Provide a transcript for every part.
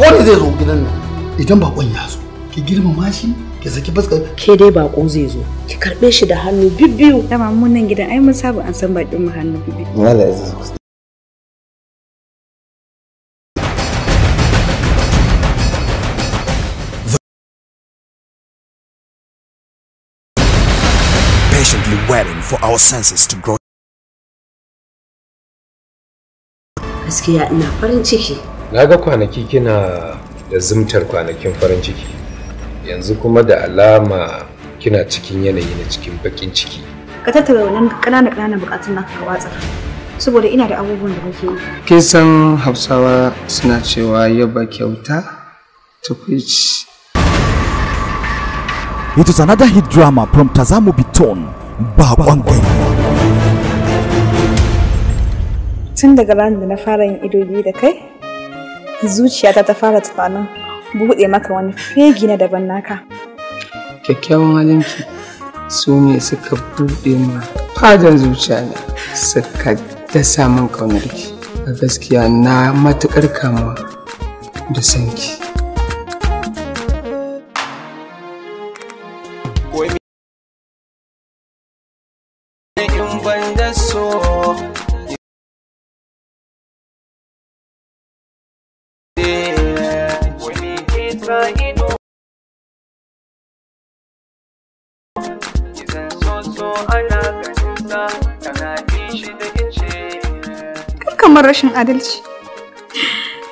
bako ne zai zo gidan nan idan bakon ya zo ki girmama shi ki saki fuskar ke dai bako zai zo ki karbe shi da hannu bibbiyu dama mun nan gidan ai mun saba an san bakin mu hannu bibbiyu wala yanzu patiently waiting for our senses to grow gaskiya ina farin ciki na ga kwanaki kina da zumtar kwanakin farin ciki yanzu kuma da alama kina cikin yanayi na cikin bakin ciki ka tattara wannan ƙanana ƙananan bukatun naka ka watsa saboda ina da abubuwan da muke yi kin san hausawa suna cewa yaba kyauta tukwici It is another hit drama from Tazamu Biton, Babangwe. Tun daga ranar da na fara yin ido biyu da kai, zuciyata ta fara tsana buɗe maka wani fegi na daban naka kyakkyawan halinki su ne suka buɗe ma fadan zuciya ne suka dasa min ƙaunarki a gaskiya na matuƙar kama da sanki Idan soso ana ganin shi kamar rashin adalci.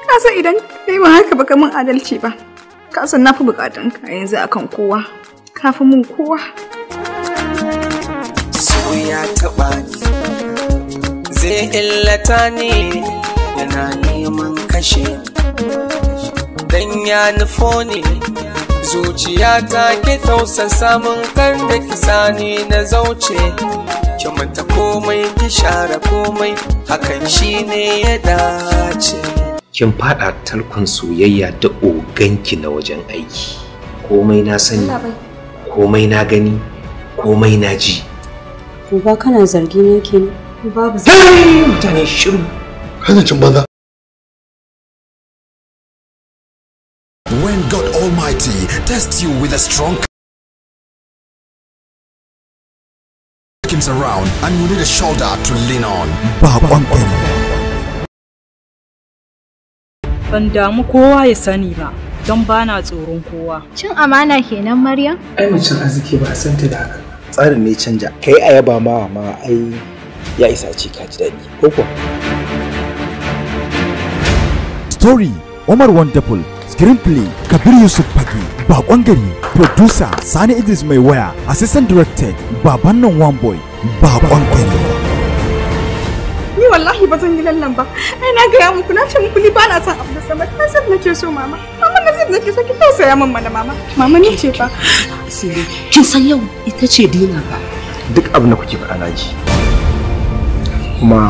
Ka san idan kai ba haka ba mun adalci ba. Ka san na fi bukatun ka yanzu akan kowa. Ka fi mun kowa. So ya taɓa Zai illata ni yana neman kashe. Dan ya nufo zuciya ta ke tausasa mun kar da kisani na zauce ki manta komai ki share komai hakan shine ya dace kin fada talkon soyayya da oganki na wajen aiki komai na sani komai na gani komai na ji ba kana zargi ne ke babu zargi mutane shiru kana cin banza Almighty test you with a strong him around and you need a shoulder to lean on. Bakon Ban damu kowa ya sani ba, don bana tsoron kowa. Cin amana kenan Maryam? Ai macen arziki ba a san ta da haka. Tsarin ne canja, kai a yaba ma ma ai ya isa ce ka ji daɗi, ko kuwa? Story Omar Wonderful screenplay kabir yusuf fage bakon gari producer sani idris mai waya assistant directed baban nan one boy bakon gari ni wallahi ba zan yi lallan ba ai na gaya muku na ce muku ni ba na san abu da sama na zan nake so mama mama na zan nake so ki tausaya min mana mama mama ni ce fa sai kin san yau ita ce dina ba duk abu na kuke faɗa na ji kuma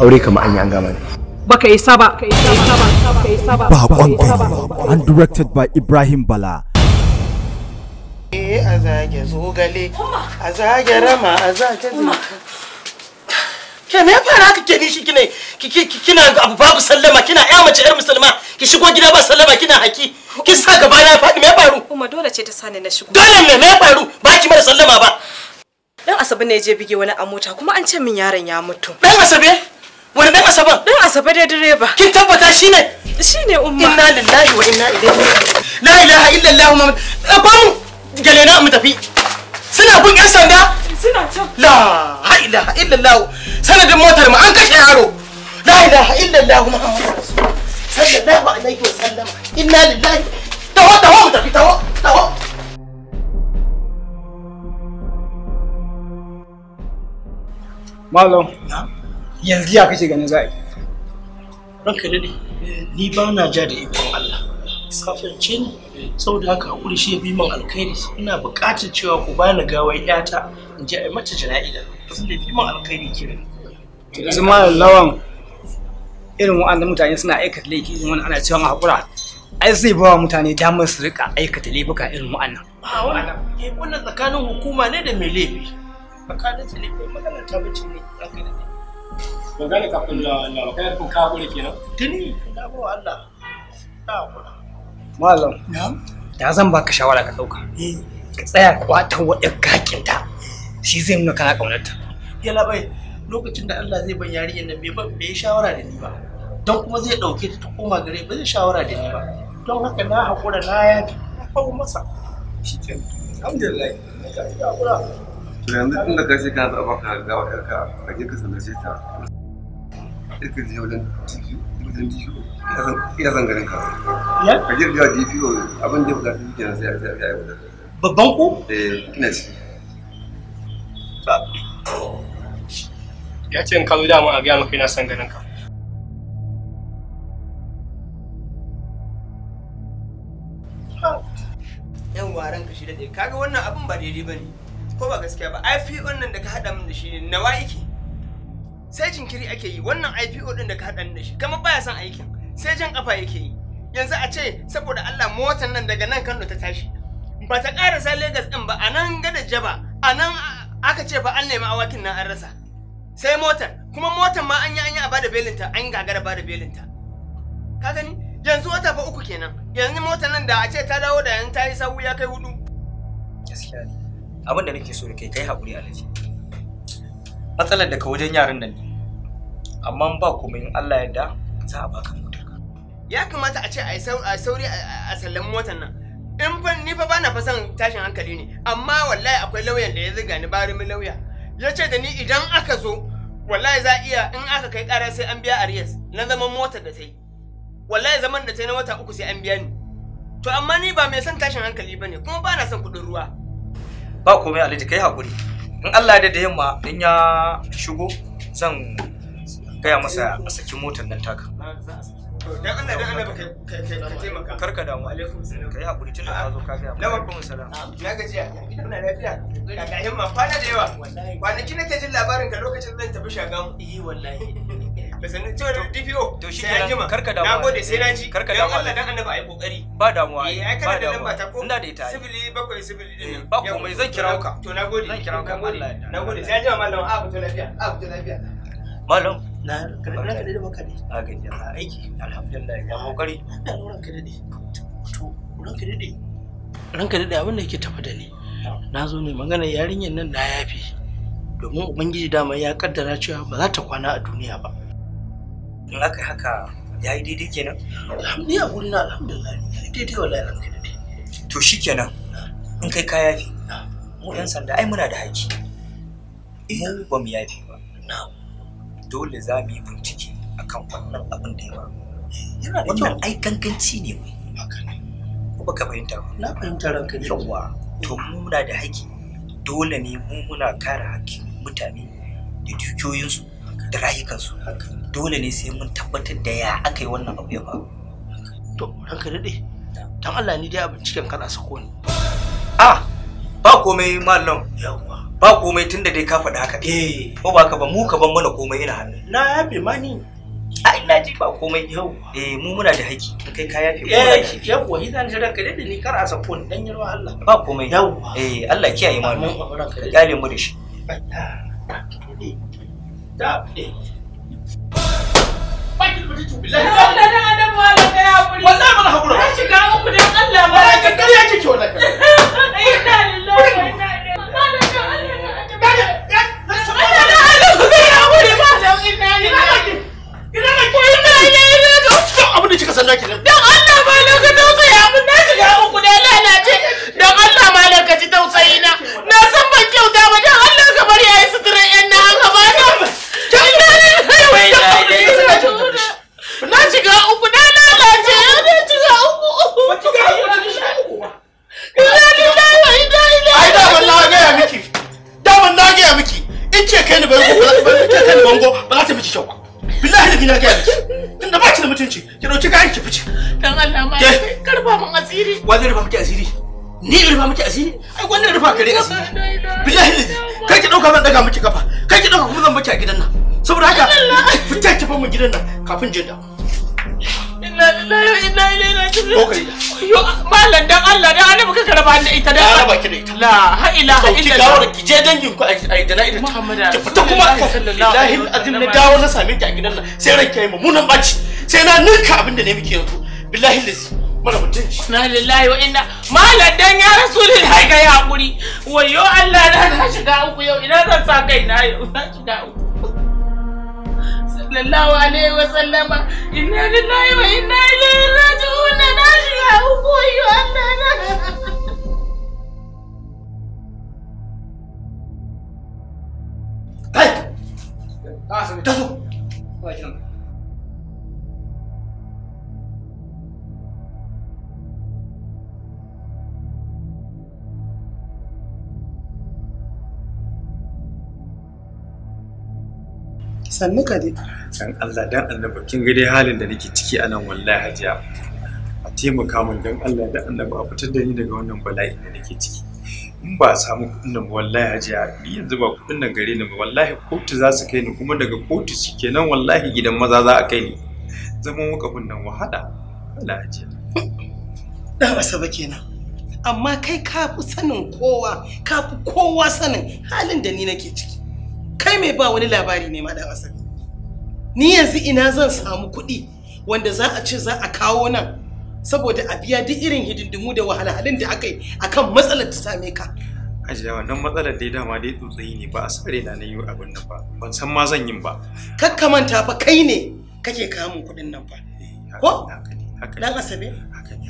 aure kamar an yi an gama ne baka isa ba bakon gari and directed by ibrahim bala a zage zogale a zage rama a zage ke me fara haka ke nishi kina kina abu babu sallama kina ya mace yar musulma ki shigo gida ba sallama kina haki kin sa gaba na faɗi me faru kuma dole ce ta sani na shigo dole ne me faru ba ki mara sallama ba dan asabe ne je bige wani a mota kuma an ce min yaron ya mutu dan asabe wani dan asaban dan asaba da direba kin tabbata shine shine umma inna lillahi wa inna ilaihi la ilaha illa allah muhammad ba mu galena mu tafi suna bin yan sanda suna can la ha ilaha illa allah sanadin motar mu an kashe yaro la ilaha illa allah muhammad sallallahu alaihi wa sallam inna lillahi taho taho mu tafi taho taho Malam. Yeah. yanzu ya kace ganin za a yi ranka da ni ba na ja da ikon Allah safirce ni saboda haka hakuri shi ya bi min alkhairi ina buƙatar cewa ku bani gawar yata in je a mata jana'ida da bi min alkhairi kira yanzu ma lawan irin wa'annan mutane suna aikata laifi irin wani ana cewa haƙura ai zai ba mutane damar su rika aikata laifuka irin wa'annan. wannan tsakanin hukuma ne da mai laifi tsakanin su ne magana ta bace ne ba gane kafin da Allah ba kai kun ka gure kenan tuni da ba Allah ta gura malam na'am zan baka shawara ka ɗauka. Eh. ka tsaya kwatan wadda kakin ta shi zai nuna kana kaunar ta yalla bai lokacin da Allah zai ban yarinyar nan bai bai shawara da ni ba don kuma zai ɗauke ta ta koma gare ba zai shawara da ni ba don haka na hakura na yafi na hau masa shi kenan alhamdulillah ka hakura yanzu inda ka ce ka zaɓa ka gawa wa ka je ka sanar ta ka je wajen wajen DPO iya zan garin ka ka girgiwa DPO abin da bukatu yake na sai a sai a yi wajen babban ku? eh ina ci ya ce in ka zo dama a gaya maka ina san garin ka yan waran ka shi da kaga wannan abin ba daidai ba ne ko ba gaskiya ba ai fi wannan da ka haɗa min da shi ne nawa yake sai jinkiri ake yi wannan IPO din da ka haɗa da shi kamar baya son aikin sai jan kafa yake yi yanzu a ce saboda Allah motan nan daga nan Kano ta tashi ba ta karasa Lagos din ba a nan gada jaba a nan aka ce ba an nemi awakin nan an rasa sai motar kuma motar ma an yi an yi a bada belinta an gagara bada belinta ka gani yanzu wata fa uku kenan yanzu mota nan da a ce ta dawo da yan ta yi sawu ya kai hudu gaskiya ne abin da nake so da kai kai haƙuri alhaji matsalar daga wajen yaran nan ne amma ba kuma in Allah yarda za a baka motar ka ya kamata a ce a sauri a sallan motar nan in fa ni fa bana fa san tashin hankali ne amma wallahi akwai lauyan da ya ziga ni mu lauya ya ce da ni idan aka zo wallahi za iya in aka kai kara sai an biya Arias, na zaman motar da ta yi wallahi zaman da ta yi na wata uku sai an biya ni to amma ni ba mai son tashin hankali bane kuma ba na son kuɗin ruwa ba komai alhaji kai hakuri in Allah da da yamma in ya shigo zan gaya masa a saki motar nan taka dan Allah dan Allah ka taimaka karka damu alaikum salam kai hakuri tun da ka zo ka gaya mu alaikum salam na gajiya ina lafiya ga yamma kwana da yawa kwanaki nake jin labarin ka lokacin zan tafi shagamu eh wallahi da sanin cewa DPO to shi ke karka damu na gode sai na ji karka damu Allah dan annabi ayi kokari ba damuwa ai eh, ai kana da lamba ko ina da ita sibili bakwai sibili din eh, ba komai zan kirawo ka to na gode zan kirawo ka Allah ya na gode sai an ji mallam a fito lafiya a fito lafiya mallam na karɓar ka da baka ne a ga jama'a aiki alhamdulillah ya kokari ah, na ran ka dade to ran ka dade ran ka abin da yake tafa da ni na zo ne magana yarinyar nan na yafi domin ubangiji dama ya kaddara cewa ba za ta kwana a duniya ba in aka haka ya yi daidai kenan? Ni a na alhamdulillah ya yi daidai wallahi alhamdulillah To shi kenan in kai ka yafi mu yan sanda ai muna da haƙƙi. Mu eh. ba mu yafi ba. Dole za mu yi bincike akan wannan abin da ya faru. Eh, wannan ai ganganci ne mai. Ko baka fahimta ba? Na fahimta ranka ne yawa. To mu muna da haƙƙi dole ne mu muna kare haƙƙin mutane da dukiyoyinsu da rayukansu. Haka. dole ne sai mun tabbatar da ya aka yi wannan abu ya faru to ranka daɗe dan Allah ni dai a binciken kana sako ni a ba komai mallam yawa ba komai tunda dai ka faɗi haka eh ko ba ka ba mu ka ban mana komai ina hannu na yafe ma ni a ina ji ba komai yawa eh mu muna da haƙi kai ka yafe mu da haƙi yau wa hidan shi ranka daɗe ni kar a sako ni dan yarwa Allah ba komai yawa eh Allah kiyaye mallam ka kyale mu da shi ta ta eh billahi baritu da Allah da ka shiga uku dan Allah jinda inna lillahi wa inna ilaihi raji'un ko kai yo malam dan Allah dan Allah baka karaba da ita dan Allah baki da ita la ha ilaha illa Allah ki je dangin ku ai da na'ida ki fita kuma lillahi azim na dawo na same ki a gidan nan sai ranki yayi mummunan baci sai na ninka abin da ne muke yanzu billahi lillahi mara mutunci na lillahi wa inna malam dan ya rasulullahi ga ya hakuri wayo Allah na shiga uku yau ina zan sa kai na yau na shiga uku sallallahu alaihi wa sallama inna lillahi wa inna ilaihi raji'un na shiga uku yi Allah sannu ka dai dan Allah dan annabi kin ga dai halin da nake ciki a nan wallahi hajiya a taimaka min dan Allah dan annabi a fitar da ni daga wannan bala'i da nake ciki in ba samu kuɗin nan wallahi hajiya ni yanzu ba kuɗin nan gare ni ba wallahi kotu za su kai ni kuma daga kotu kenan wallahi gidan maza za a kai ni zaman wakafin nan wahala wahala hajiya dan asaba kenan amma kai ka fi sanin kowa ka fi kowa sanin halin da ni nake ciki kai mai ba wani labari ne ma dan asali ni yanzu ina zan samu kuɗi wanda za a ce za a kawo nan saboda a biya duk irin hidindimu da wahalhalun da aka yi akan matsalar ta same ka ajiya wannan matsalar dai dama dai tsotsayi ne ba a sare na na yi abin nan ba ban san ma zan yin ba kakkamanta fa kai ne kake kamun kuɗin nan ba eh, ko dan asabe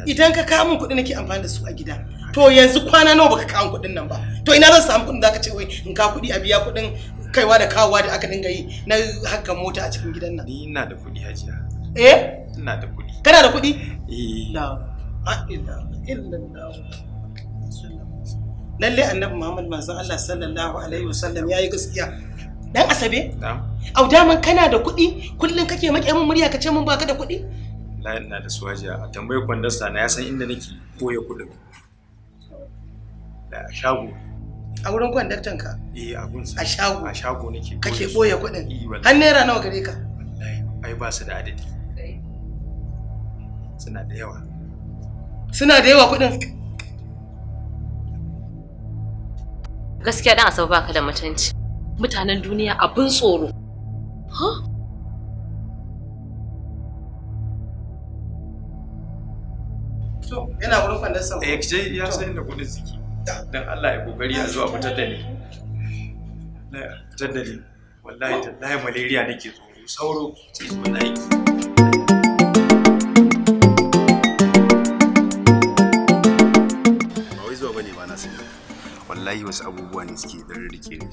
idan ka min kuɗi nake amfani da su a gida to yanzu kwana nawa baka kawo kuɗin nan ba to ina zan samu kuɗin zaka ce wai in ka kuɗi a biya kuɗin kaiwa da kawowa da aka dinga yi na hakan mota a cikin gidan nan. Ni ina da kuɗi hajiya. Eh? Ina da kuɗi. Kana da kuɗi? Eh. La illallah. Lalle Annabi Muhammad manzon Allah sallallahu alaihi wasallam yayi gaskiya. Dan Asabe? Na'am. Au daman kana da kuɗi kullun kake maƙe mun murya kace mun baka da kuɗi? Na ina da su hajiya. A tambayar kwandasta na ya san inda nake koya kuɗin. Da shago. a wurin kwandaktan ka eh a gun a shago a shago nake kake boye kuɗin eh, har naira nawa gare ka wallahi ai ba su da adadi suna da yawa suna da yawa kuɗin gaskiya dan asabe baka da mutunci mutanen duniya abin tsoro ha to yana wurin kwandaktan eh kije ya san inda kuɗin ziki don Allah ya kokari a zuwa fitar da ni fitar da ni wallahi tallahi malaria nake tsoro sauro ce wallahi ba wai zuwa bane ba na sani wallahi wasu abubuwa ne suke dan rike ni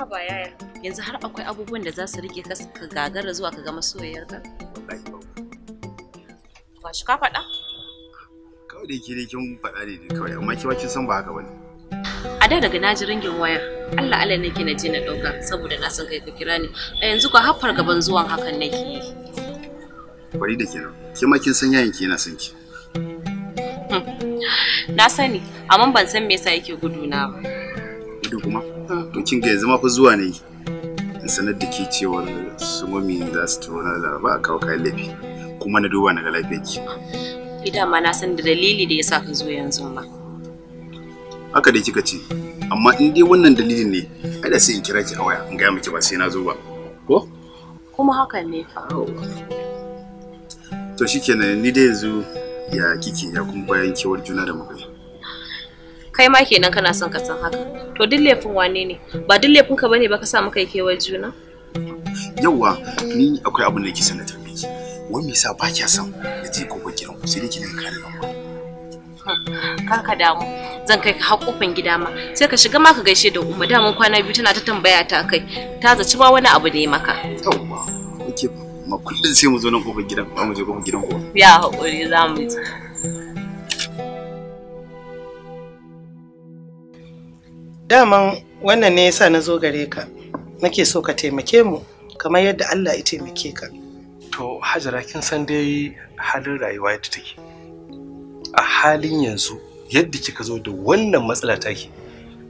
haba yaya yanzu har akwai abubuwan da za su rike ka gagara zuwa ka ga masoyiyarka wallahi ba ba shi ka faɗa kawai da ke kin faɗa ne kawai amma ki ba kin san ba haka bane a da daga naji ringin waya Allah Allah nake na je na dauka saboda na san kai ka kira ni a yanzu ka haffar gaban zuwan hakan nake yi bari da kenan ke ma kin san yayin ki yana son ki hmm. na sani amma ban san me yasa yake guduna ba gudu kuma hmm. to kin ga yanzu ma fa zuwa ne in sanar da ke cewar su mami za su tona ba a kawo kayan laifi kuma na duba na ga lafiyar Ida ma na san da dalili da yasa ka zo yanzu ma. Haka dai kika ce, amma in dai wannan dalilin ne, ai da sai in kira ki a waya in ga miki ba sai na zo ba. Ko? Kuma haka ne fa. To shikenan ni dai yanzu ya kike ya kuma bayan kewar juna da muka Kai ma kenan kana son ka san haka. To duk laifin wane ne? Ba duk laifin ka bane ba ka sa muka yi kewar juna? Yawwa, ni akwai abin da yake sanata. wai me yasa ba kya san da je gobe gidan ku sai dai kina kare nan hmm, Kan ka damu zan kai ka hakofin gida ma sai ka shiga ma ka gaishe da umma daman kwana biyu tana ta tambaya ta kai ta zaci ba wani abu ne maka yawwa kike ma kullun sai mu zo nan kofar gidan ba mu je gobe gidan ku ya hakuri za mu je daman wannan ne yasa na zo gare ka nake so ka taimake mu kamar yadda Allah ya taimake ka to hajara kin san dai halin rayuwa yadda take a halin yanzu yadda kika zo da wannan matsala take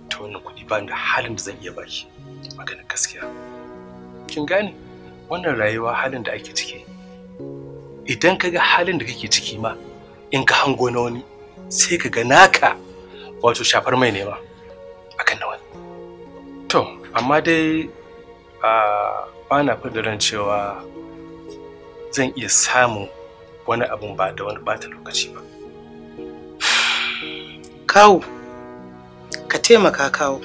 ta wannan kuɗi ba da halin da zan iya baki maganin gaskiya kin gane wannan rayuwa halin da ake ciki idan kaga halin da kake ciki ma in ka hango na wani sai ka ga naka wato shafar mai nema akan na wani to amma dai ah, ba na fadiran cewa zan iya samun wani abun ba da wani bata lokaci ba kawo ka taimaka kawo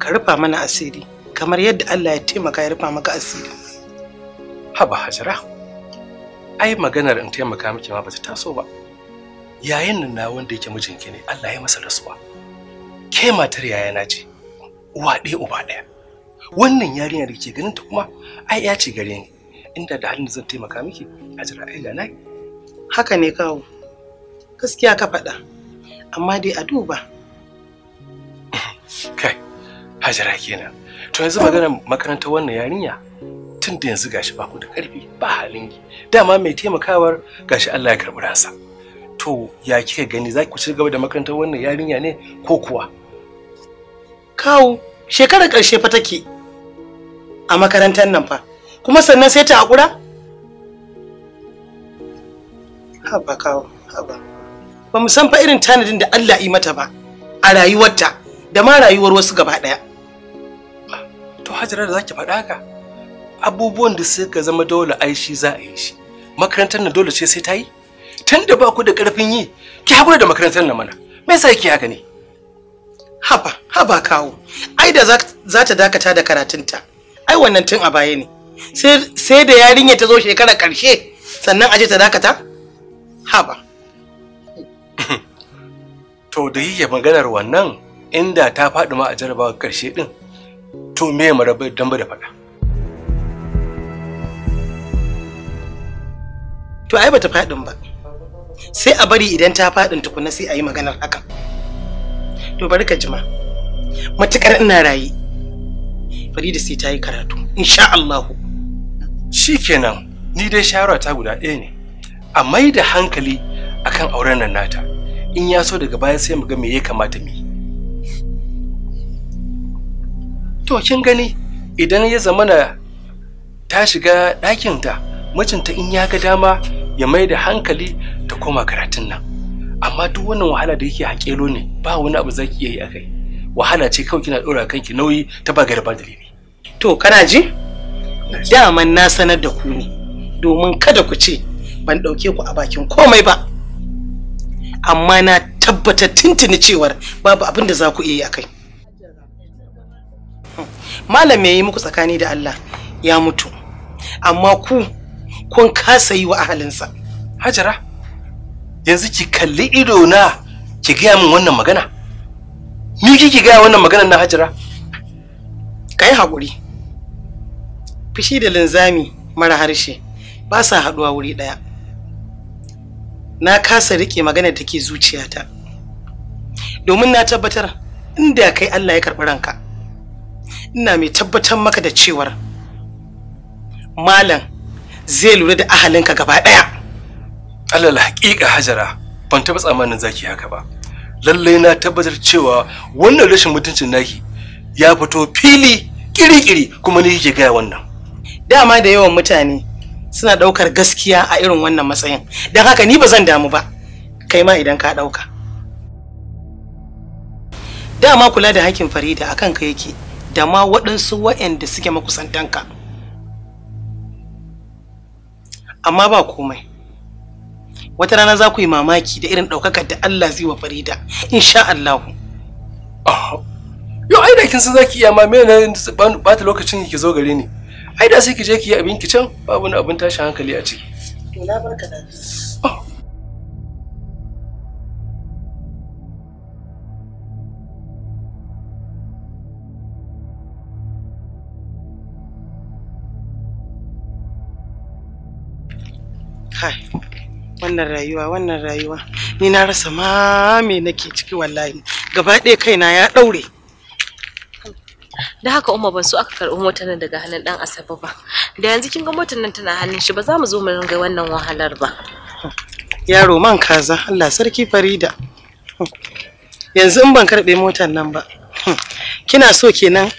ka rufa mana asiri kamar yadda allah ya taimaka ya rufa maka asiri haba hajara ai maganar in taimaka miki ma bata taso ba yayin nan na wanda yake mijinki ne allah ya masa rasuwa ke matar na ce uwa ɗaya uba ɗaya wannan yarinya da ke ganin ta kuma ai ya ce gare ni inda da halin zan taimaka miki a jira ai ga haka ne kawo gaskiya ka faɗa amma dai a duba kai hajara kenan to yanzu maganar makarantar wannan yarinya tun da yanzu gashi ba ku da karfi ba halin ki dama mai taimakawar gashi Allah ya karbi ransa to ya kika gani za ku ci gaba da makarantar wannan yarinya ne ko kuwa kawo shekarar ƙarshe fa take a makarantar nan fa kuma sannan sai ta haƙura? haba kawo haba ba mu san fa irin tanadin da Allah yi mata ba a rayuwarta da ma rayuwar wasu gaba ɗaya to hajara da zaki faɗa ka abubuwan da suka zama dole ai shi za a yi shi makarantar na dole ce sai ta yi tun da ba ku da ƙarfin yi ki haƙura da makarantar na mana me yasa yake haka ne haba haba kawo ai da za ta dakata da karatunta ai wannan tun a baya ne sai da yarinya ta zo shekara karshe sannan aje ta dakata haba to da ya maganar wannan inda ta faɗi ma a jarabawa karshe din to me marabar damba da faɗa to ai bata faɗin ba sai a bari idan ta faɗin tukuna sai a yi maganar hakan to bari ka jima matukar ina raye farida sai ta yi karatu insha Allahu shikenan ni dai shawara ta guda ɗaya ne a mai da hankali akan auren nan nata in ya so daga baya sai mu ga me ya kamata mu yi to kin gani idan ya zamana ta shiga ɗakinta mijinta in ya ga dama ya mai da hankali ta koma karatun nan amma duk wannan wahala da yake hakelo ne ba wani abu zaki iya yi akai wahala ce kawai kina ɗora kanki nauyi ta ba garba dalili to kana ji daman na sanar da ku ne domin kada ku ce ban ɗauke ku a bakin komai ba amma na tabbatar tintini cewar babu abin da za ku iya yi a kai malam ya yi muku tsakani da Allah ya mutu amma ku kun kasa yi wa ahalinsa hajara yanzu ki kalli ido na ki gaya min wannan magana ni kike gaya wannan magana na hajara Ka yi hakuri. fushi da linzami mara harshe ba sa haɗuwa wuri ɗaya na kasa riƙe magana da ke zuciyata domin na tabbatar inda kai Allah ya karɓi ranka ina mai tabbatar maka da cewar malam zai lura da ahalinka gaba ɗaya alal hakika hajara ban taɓa tsammanin zaki haka ba lallai na tabbatar cewa wannan rashin mutuncin naki ya fito fili kiri-kiri kuma ni kike gaya wannan dama da yawan mutane suna ɗaukar gaskiya a irin wannan matsayin don haka ni ba zan damu ba kai ma idan ka ɗauka dama kula da hakkin farida a kanka yake da ma waɗansu waɗanda suke makusantanka amma ba komai wata rana za ku yi mamaki da irin ɗaukakar da Allah zai wa farida insha Allah yau ai da kin san zaki iya ma me ba ta lokacin ki zo gare ni ai da sai ki je ki yi abin ki can babu wani abin tashi hankali a ciki to na barka da Kai, oh. wannan rayuwa, wannan rayuwa, ni na rasa ma me nake ciki wallahi, gaba ɗaya kaina ya ɗaure. da haka umma ban so aka karɓi motar nan daga hannun dan asabe ba da yanzu kin ga motar nan tana hannun shi ba za mu zo mu ringa wannan wahalar ba yaro man kaza Allah sarki Farida yanzu in ban karɓe motar nan ba kina so kenan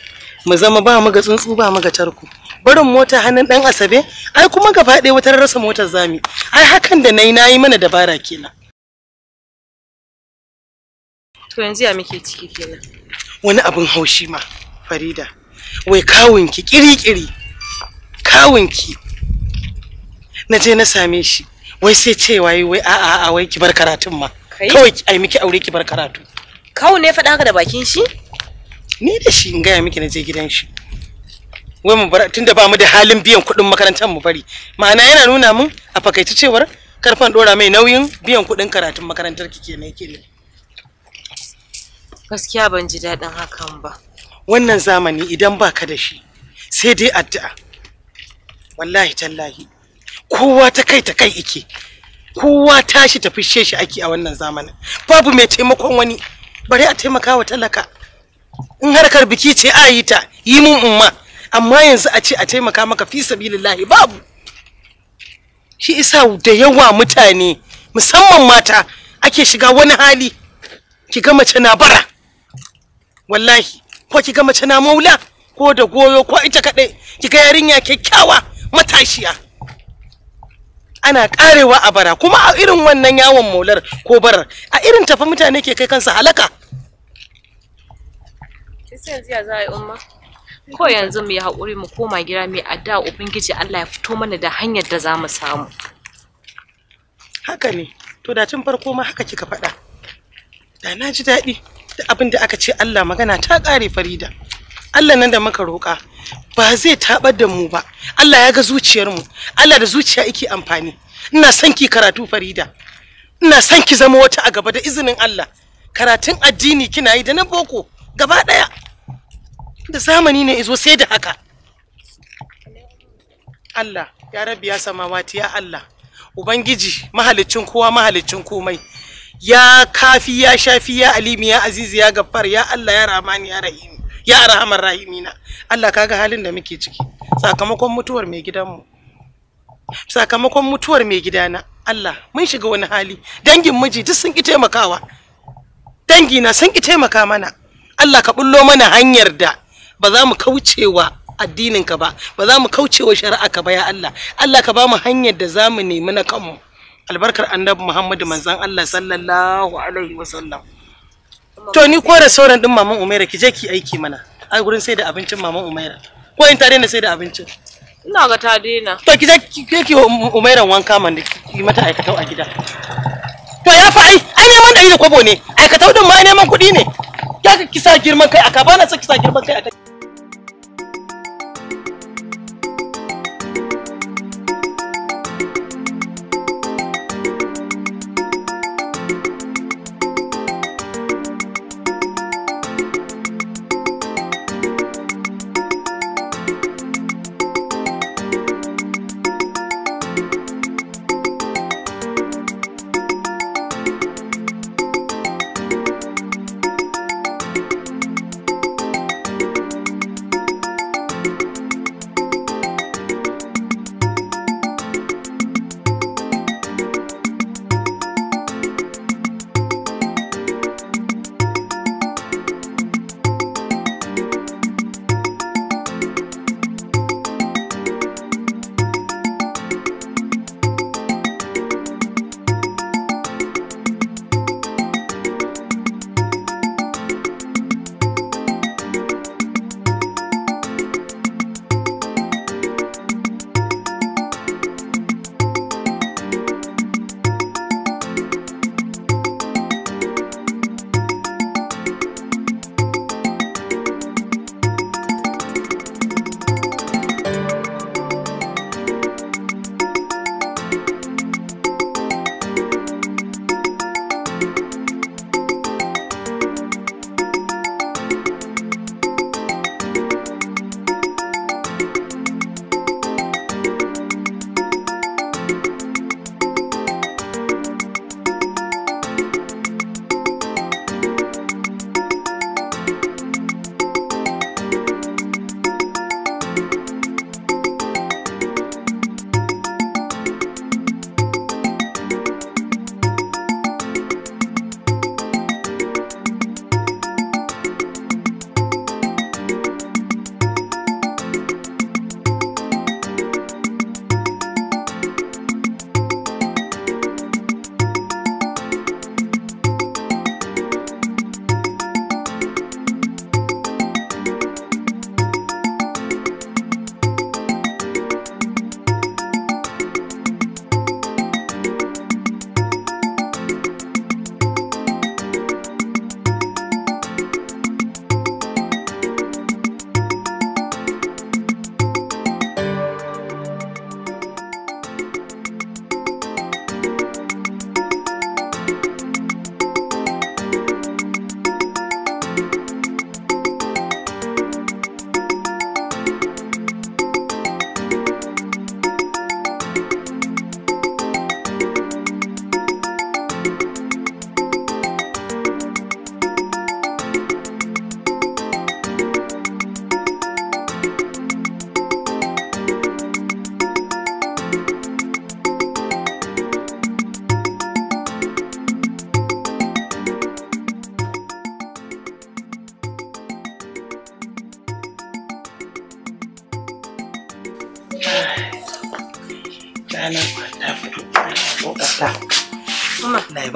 mu zama ba mu ga tsuntsu ba mu ga tarko barin mota hannun dan asabe ai kuma ga ɗaya wutar rasa motar zami ai hakan da nayi nayi mana dabara kenan to yanzu ya muke ciki kenan wani abin haushi ma farida wai kawunki kiri-kiri kawunki na je na same shi wai sai cewa yi wai a'a a wai ki bar karatun ma kawai ai miki aure ki bar karatu kawu ne faɗa haka da bakin shi ni da shi in gaya miki na je gidan shi wai mu bar tunda ba mu da halin biyan kuɗin makarantar mu bari ma'ana yana nuna mun a fakaici cewar karfan dora mai nauyin biyan kuɗin karatun makarantar ki kenan kenan gaskiya ban ji daɗin hakan ba wannan zamani idan ba ka da shi sai dai addu'a wallahi tallahi kowa ta kai ta kai ike kowa tashi ta fishe shi ake a wannan zamanin babu mai taimakon wani bari a taimaka wa talaka in harkar biki ce a yi ta yi mun umma amma yanzu a ce a taimaka maka fi sabilillahi babu shi isa da yawa mutane musamman mata ake shiga wani hali ki ga mace na bara wallahi ko ga mace na maula ko da goyo ko ita kaɗai kiga yarinya kyakkyawa matashiya ana karewa a bara kuma a irin wannan yawon maular ko barar a irin tafi mutane ke kai kansa halaka ko yanzu mu yi haƙuri mu koma gida mai adda ubangiji Allah ya fito mana da hanyar da za mu samu haka ne to da tun farko ma haka kika faɗa da na ji daɗi duk abin da aka ce Allah magana ta kare Farida Allah nan da muka roƙa ba zai taɓar da mu ba Allah ya ga zuciyar mu Allah da zuciya yake amfani ina son ki karatu Farida ina son ki zama wata a gaba da izinin Allah karatun addini kina yi da na boko gaba ɗaya da zamani ne izo sai da haka Allah ya rabbi ya samawati ya Allah Ubangiji mahalicin kowa mahaliccin komai ya kafi ya shafi ya alimi ya azizi ya gaffar ya Allah ya rahmani ya rahim ya rahimina Allah kaga halin da muke ciki sakamakon mutuwar mai gidanmu sakamakon mutuwar mai gidana Allah mun shiga wani hali dangin miji duk sun ki taimakawa dangi na sun ki taimaka mana Allah ka bullo mana hanyar da ba za mu kaucewa addininka ba ba za mu kaucewa shari'a ka ba ya Allah Allah ka ba mu hanyar da za mu nemi na kanmu albarkar annabi muhammadu manzan allah sallallahu alaihi wasallam to ni ko sauran din maman umaira ki je ki aiki mana ai gurin sai da abincin maman umaira ko in ta daina sai da abincin ina ga ta daina to ki je ki ki umm-, umaira wanka man ki mata aikatau a gida to ya fa ai ai neman dari da kwabo ne aikatau din ma neman kuɗi ne ki sa girman kai aka bana sa ki sa girman kai aka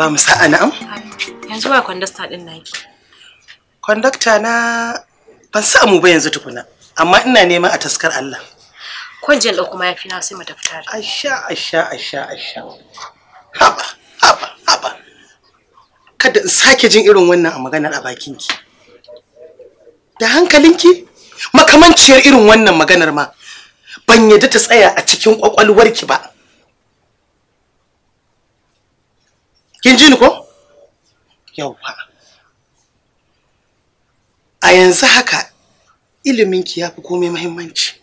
ba mu sa'a na'am? Yanzu ba kwandakta ɗin naki. Kwandakta na ban mu ba yanzu tukuna, amma ina neman a taskar Allah. jin da kuma ya fi na sai mu tafi tare. Asha, asha, asha, asha. Haba, haba, haba. Kada in sake jin irin wannan a maganar a bakinki. Da hankalinki, makamanciyar irin wannan maganar ma, ban yadda ta tsaya a cikin ƙwaƙwalwarki ba. kin ji ni ko Yauwa. a yanzu haka iliminki ya fi komai muhimmanci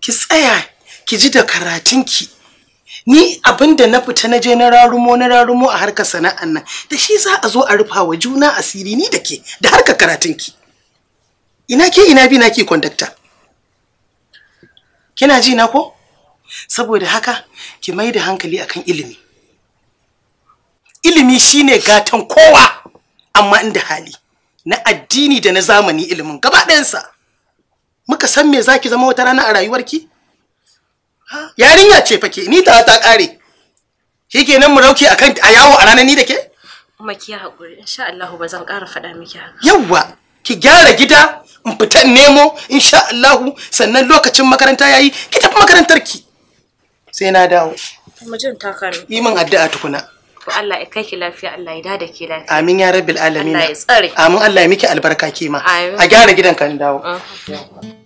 ki tsaya ki ji da karatunki ni abin da na fita na je na rarumo na rarumo a harkar sana'an nan da shi za a zo a rufa wa juna asiri ni da ke da harkar karatunki ina ke ina bi na ke kwandakta kina ji na ko saboda haka ki mai da hankali akan ilimi ilimi shine gatan kowa amma inda hali na addini da na zamani ilimin gaba ɗayansa muka san me zaki zama wata rana a rayuwarki yarinya ce fa ke ni ta ta ƙare nan mu rauke akan a yawo a ranar ni da ke maki ya haƙuri insha Allah ba zan ƙara faɗa miki haka yawwa ki gyara gida in fita in nemo insha Allah sannan lokacin makaranta yayi ki tafi makarantar ki sai na dawo mu jin ta kame yi min addu'a tukuna to Allah ya kai ki lafiya Allah ya dada ki lafiya amin ya rabbil alamin Allah ya tsare amin Allah ya miki albarka kima a gyara gidan kan dawo uh-huh.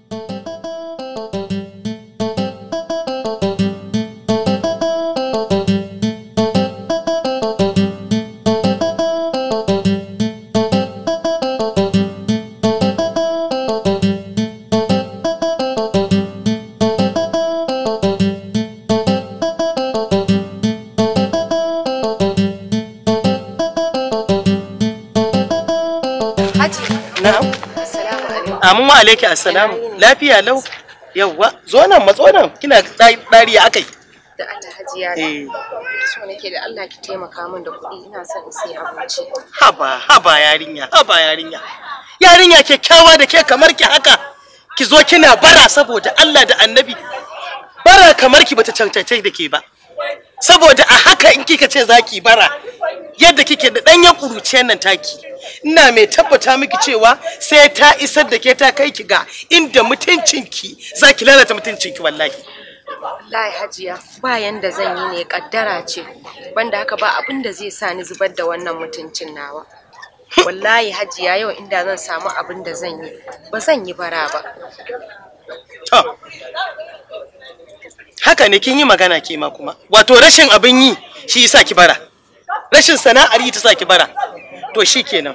Ki assalamu lafiya lau yawwa zo nan matso nan kina dariya akai da Allah hajiya eh. so nake da Allah ki taimaka min da kuɗi ina son in sayi abinci haba haba yarinya haba yarinya yarinya kyakkyawa da ke kamar ki haka ki zo kina bara saboda Allah da annabi bara kamar ki bata cancanci da ke ba saboda a haka in kika ce zaki bara yadda kike da ya ƙuruciyar nan taki ina mai tabbata miki cewa sai ta isar da ke ta kai ki ga inda mutuncinki zaki lalata mutuncinki wallahi wallahi hajiya ba yanda zan yi ne kaddara ce banda haka ba abin da zai sa ni zubar da wannan mutuncin nawa wallahi hajiya yau inda zan samu abin da zan yi ba zan yi bara ba haka ne kin yi magana ke ma kuma wato rashin abin yi shi yasa ki bara rashin sana'ar yi ta sa ki bara to shi kenan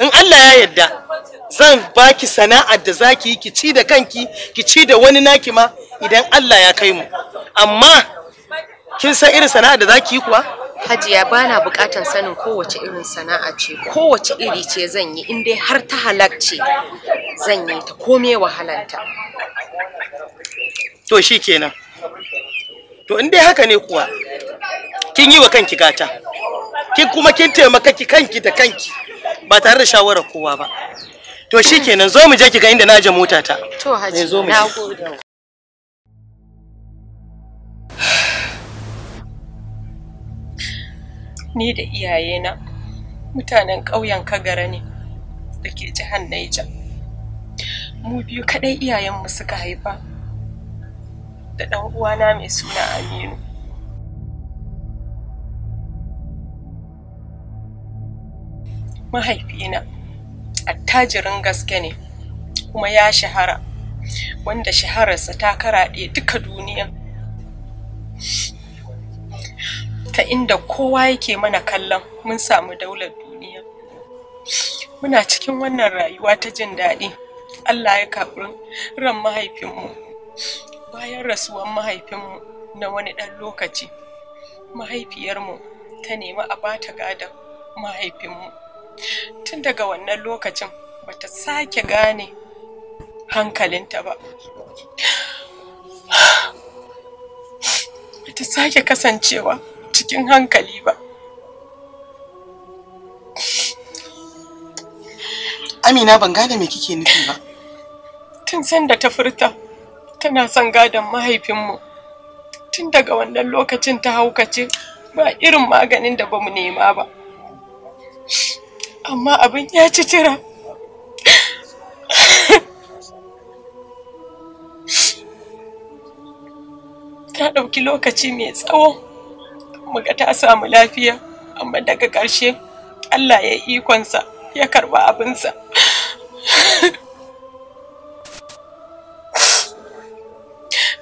in Allah ya yarda zan baki sana'ar da zaki yi ki ci da kanki ki ci da wani naki ma idan Allah ya kai mu amma kin san irin sana'ar da zaki yi kuwa Hajiya bana bukatan sanin kowace irin sana'a ce kowace iri ce zan yi in dai har ta halacce zan yi ta kome wahalanta to shi kenan to in dai haka ne kuwa kin yi wa kanki gata kin kuma kin taimaka ki kanki da kanki ba tare da shawarar kowa ba to shi kenan zo mu je ki ga inda na je mota ta to haji eh, na gode ni da iyayena mutanen ƙauyen kagara ne da ke jihar Niger mu biyu kaɗai iyayenmu suka haifa da ɗan uwana mai suna Aminu. Mahaifina attajirin gaske ne kuma ya shahara wanda shahararsa ta karaɗe duka duniya. Ta inda kowa yake mana kallon mun samu daular duniya. Muna cikin wannan rayuwa ta jin daɗi. Allah ya karɓi ran mahaifinmu. bayan rasuwan mahaifinmu na wani ɗan lokaci mahaifiyarmu ta nemi a bata gada mahaifinmu tun daga wannan lokacin bata sake gane hankalinta ba bata sake kasancewa cikin hankali ba amina ban gane me kike nufi ba tun sanda ta furta tana son gadon mahaifinmu tun daga wannan lokacin ta haukace ba irin maganin da ba mu nema ba amma abin ya ci tira ta ɗauki lokaci mai tsawo muga ta samu lafiya amma daga ƙarshe allah ya ikonsa ya karba abinsa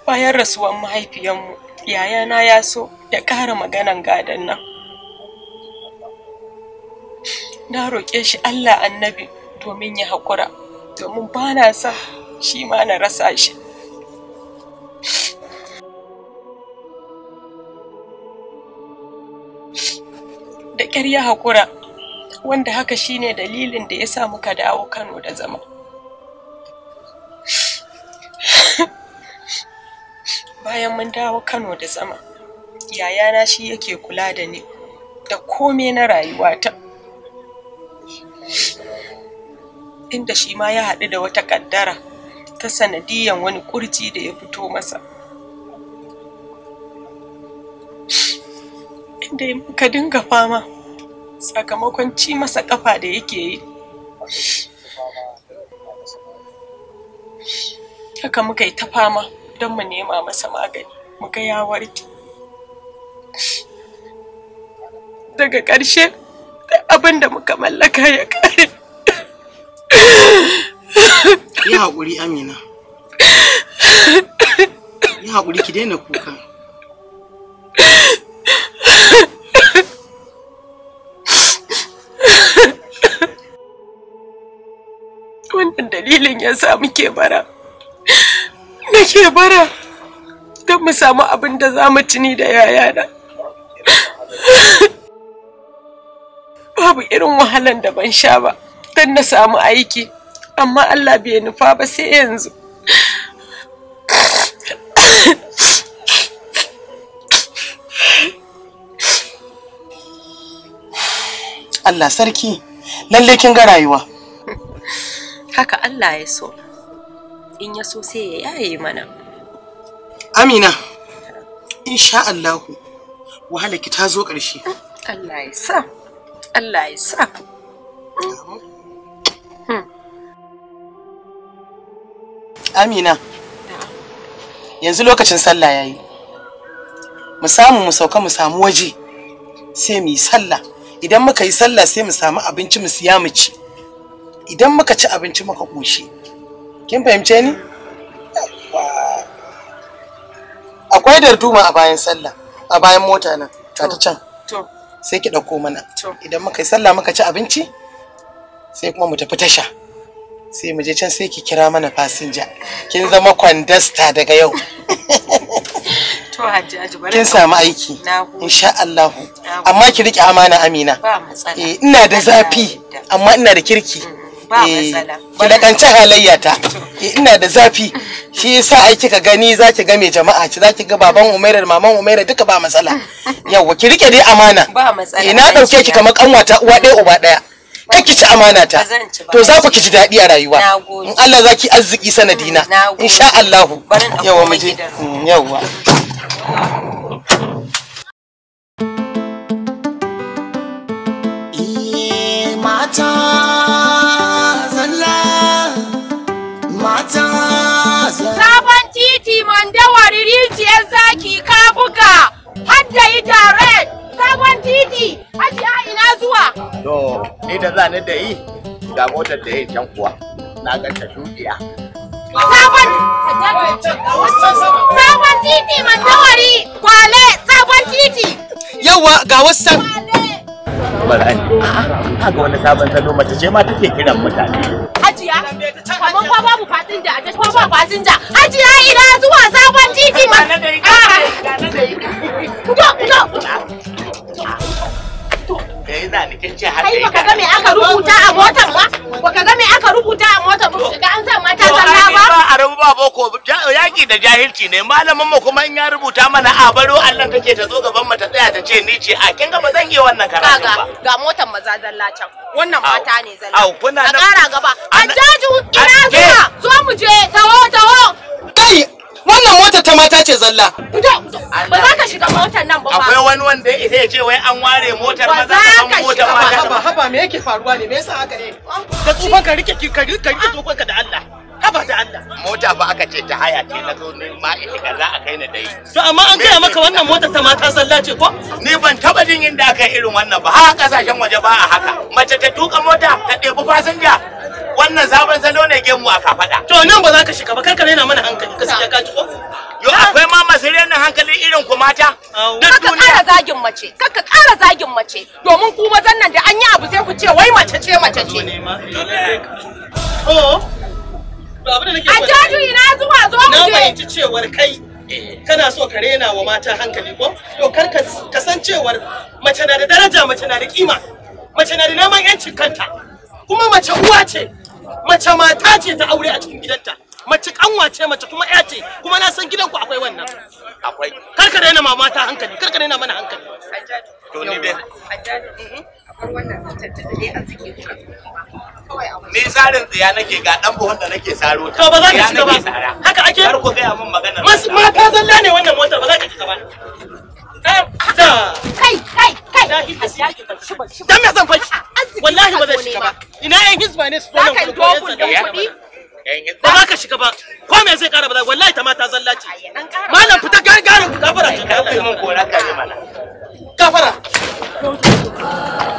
bayan rasuwar mahaifiyanmu yayana ya so ya ƙara maganan gadon nan na roƙe shi allah annabi domin ya haƙura domin ba na sa shi ma na rasa shi da ƙyar ya haƙura wanda haka shine dalilin da ya sa muka dawo kano da zama bayan mun dawo kano da zama yayana shi yake kula da ni da kome na rayuwata inda shi ma ya haɗu da wata ƙaddara ta sanadiyan wani kurji da ya fito masa inda muka dinga fama sakamakon ci masa ƙafa da yake yi haka muka yi ta fama don mu nema masa magani mu ga ya warke daga ƙarshe abin da muka mallaka ya kare yi haƙuri amina yi haƙuri ki daina kuka wannan dalilin ya sa muke bara nake bara don mu samu abin da za mu tuni da yayana babu irin wahalan da ban sha ba don na samu aiki amma Allah bai nufa ba sai yanzu Allah sarki lalle kin ga rayuwa haka Allah ya so in ya so sai ya yaye mana amina insha Allahu wahala ki ta zo ƙarshe Allah ya sa Allah ya sa Amina yanzu lokacin sallah yayi mu samu mu sauka mu samu waje sai mu yi sallah idan muka yi sallah sai mu samu abinci mu siya mu ci idan muka ci abinci muka ƙoshi kin fahimce ni akwai darduma a bayan sallah a bayan mota nan ta can sai ki ɗauko mana idan muka yi sallah muka ci abinci sai kuma mu tafi tasha sai mu je can sai ki kira mana fasinja kin zama kwandasta daga yau to kin samu aiki insha Allah amma ki rike amana amina eh ina da zafi amma ina da kirki mm. ba eh, matsala ki halayya ta eh, ina da zafi shi yasa ai kika gani zaki ga mai jama'a ki zaki ga baban Umaira da maman Umaira duka ba matsala yawa ki rike dai amana ba matsala ina eh, dauke ki kamar kanwata uwa ɗaya uba ɗaya ki ci amana ta to za ku ki ji daɗi a rayuwa in Allah za ki arziki sanadina insha Allah yawa je? Mm, yawa mata rijiyar zaki ka buga hadda yi tare sabon titi aji a ina zuwa. To, ni da za ni da yi ga motar da yi can kuwa na ga ta shuɗiya. Sabon sabon titi mandawari kwale sabon titi. Yawa ga wasu Bar'ani, a ga wani sabon salo mace ce ma take kiran mutane. Hajiya, kamar kwa babu fasinja, a kwa ba fasinja. Hajiya ina zuwa sabon titi. ko yaki da jahilci ne malamin mu kuma in ya rubuta mana a baro Allah take ta zo gaban mu ta tsaya ta ce ni ce a kin ga ba zan yi wannan karatu ba ga motar maza zalla can wannan mata ne zalla au kuna na kara gaba jaju ina zuwa zo mu je tawo tawo ai wannan motar ta mata ce zalla ba za ka shiga motar nan ba akwai wani wanda ya ce wai an ware motar maza ta zama motar mata haba haba me yake faruwa ne me yasa haka ne ka tsufan ka rike ka rike ah. tsufan ka da Allah Aba Allah. Mota ba aka ce ta haya ce na zo ne ma ita kaza a kai na dai. To amma an gaya maka wannan motar ta mata sallah ce ko? Ni ban taba jin inda aka yi irin wannan ba. Ha kasashen waje ba a haka. Mace ta tuka mota ta ɗebi fasinja. Wannan zaben salo ne gemu aka kafaɗa. To nan ba za ka shiga ba kar ka rena mana hankali ka siya ka ji ko? Yo akwai ma masu rena hankali irin ku mata. Duk duniya. Kaka kara zagin mace. Kaka kara zagin mace. Domin ku mazan nan da an yi abu sai ku ce wai mace ce mace ce. Eh. Oh. A Ajaju ina zuwa zo mu je. Na fahimci cewar kai eh, kana so ka rena wa mata hankali ko? To kar ka san cewar mace na da daraja mace na da kima. Mace na da naman yancin kanta. Kuma mace uwa ce. Mace mata ce ta aure a cikin gidanta. Mace kanwa ce mace kuma ƴa ce kuma na san gidanku akwai wannan. Akwai. Kar ka rena ma mata hankali, kar ka rena mana hankali. Ajaju. To ni dai. Ajaju. karɓar zarin tattata dai nake ga dan buhun da nake saro to ba za ka shiga ba haka ake Har ku gaya min magana mas mata zalla ne wannan motar ba za ka shiga ba kai kai kai dan me zan fashi wallahi ba zan shiga ba ina yan hisba ne su zo nan gurbin ba. ba za ka shiga ba ko me zai kara ba za wallahi ta mata zalla ce malam fita gare gare ku kafara ka kai mun gora ka ne mana kafara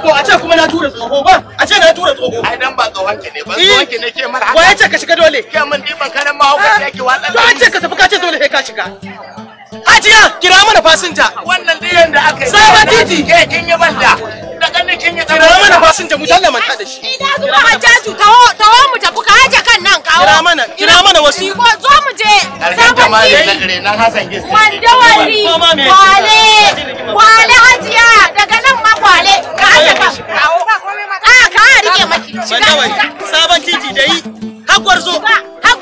to a ce kuma na tura tsoho ba a ce na tura tsoho ai dan ba tsohon ki ne ba tsohon eh. ki ne ke mara wa ya ce ka shiga dole ke mun diban karan ma hauka sai ah. ki wallahi to a ce ka tafi ka ce dole sai ka shiga Hajiya kira mana fasinja. Wannan dai yanda aka yi. Sabon titi. Ke eh, kin yi banda. Da ganin kin yi Kira mana fasinja mu talla manta da shi. Ida zuwa Hajjaju tawo tawo mu tafi ka haje kan nan kawo. Kira mana kira mana wasu. Iko zo mu je. Sabon titi. Renan Hassan Gis. Mandawari. Kwale. Kwale Hajiya daga nan ma kwale. Ka haje kan kawo. Ka ah, ka rike maki. Mandawari. Sabon titi dai. Hakwar zo.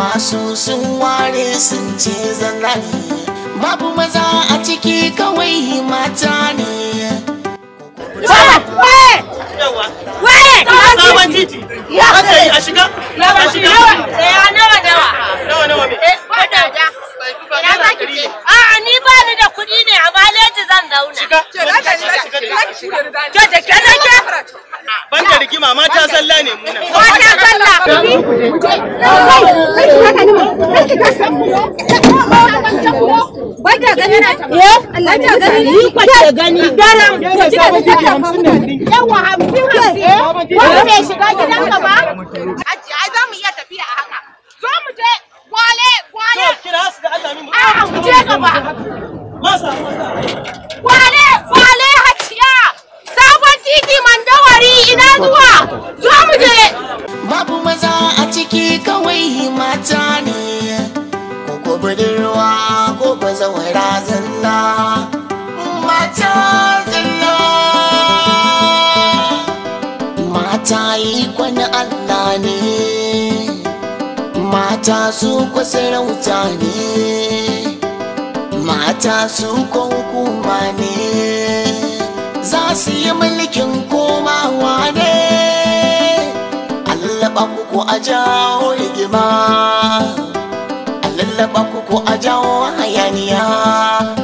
masu sun ware sun ce zanani babu maza a ciki kawai mata ne Ya, a shiga? Ya, a shiga? Ya, nawa nawa? Nawa nawa me? Eh, Ina za ki je? A'a ni ba ni da kuɗi ne a maleji zan zauna. Shiga. To da ke da ke. Ban da rigima mata zalla ne muna. Mata zalla. gani na eh bata gani ni bata gani daram ne yawa 50 50 ko shiga gidanka ba aji ai za mu iya tafiya haka zo mu je Kwale, kwale. To kira su da Allah min. A'a, je gaba. Masa, masa. Kwale, kwale haciya. Sabon titi mandawari ina zuwa. Zo mu je. Babu maza a ciki kawai mata ne. Ko budurwa ko bazawara zalla. Mata zalla. Mata ikon Allah ne. mata su kwa sarauta ne mata su kwa hukuma ne za su yi mulkin komawa ne allaba kuku a jawo rigima allaba kuku a jawo hayaniya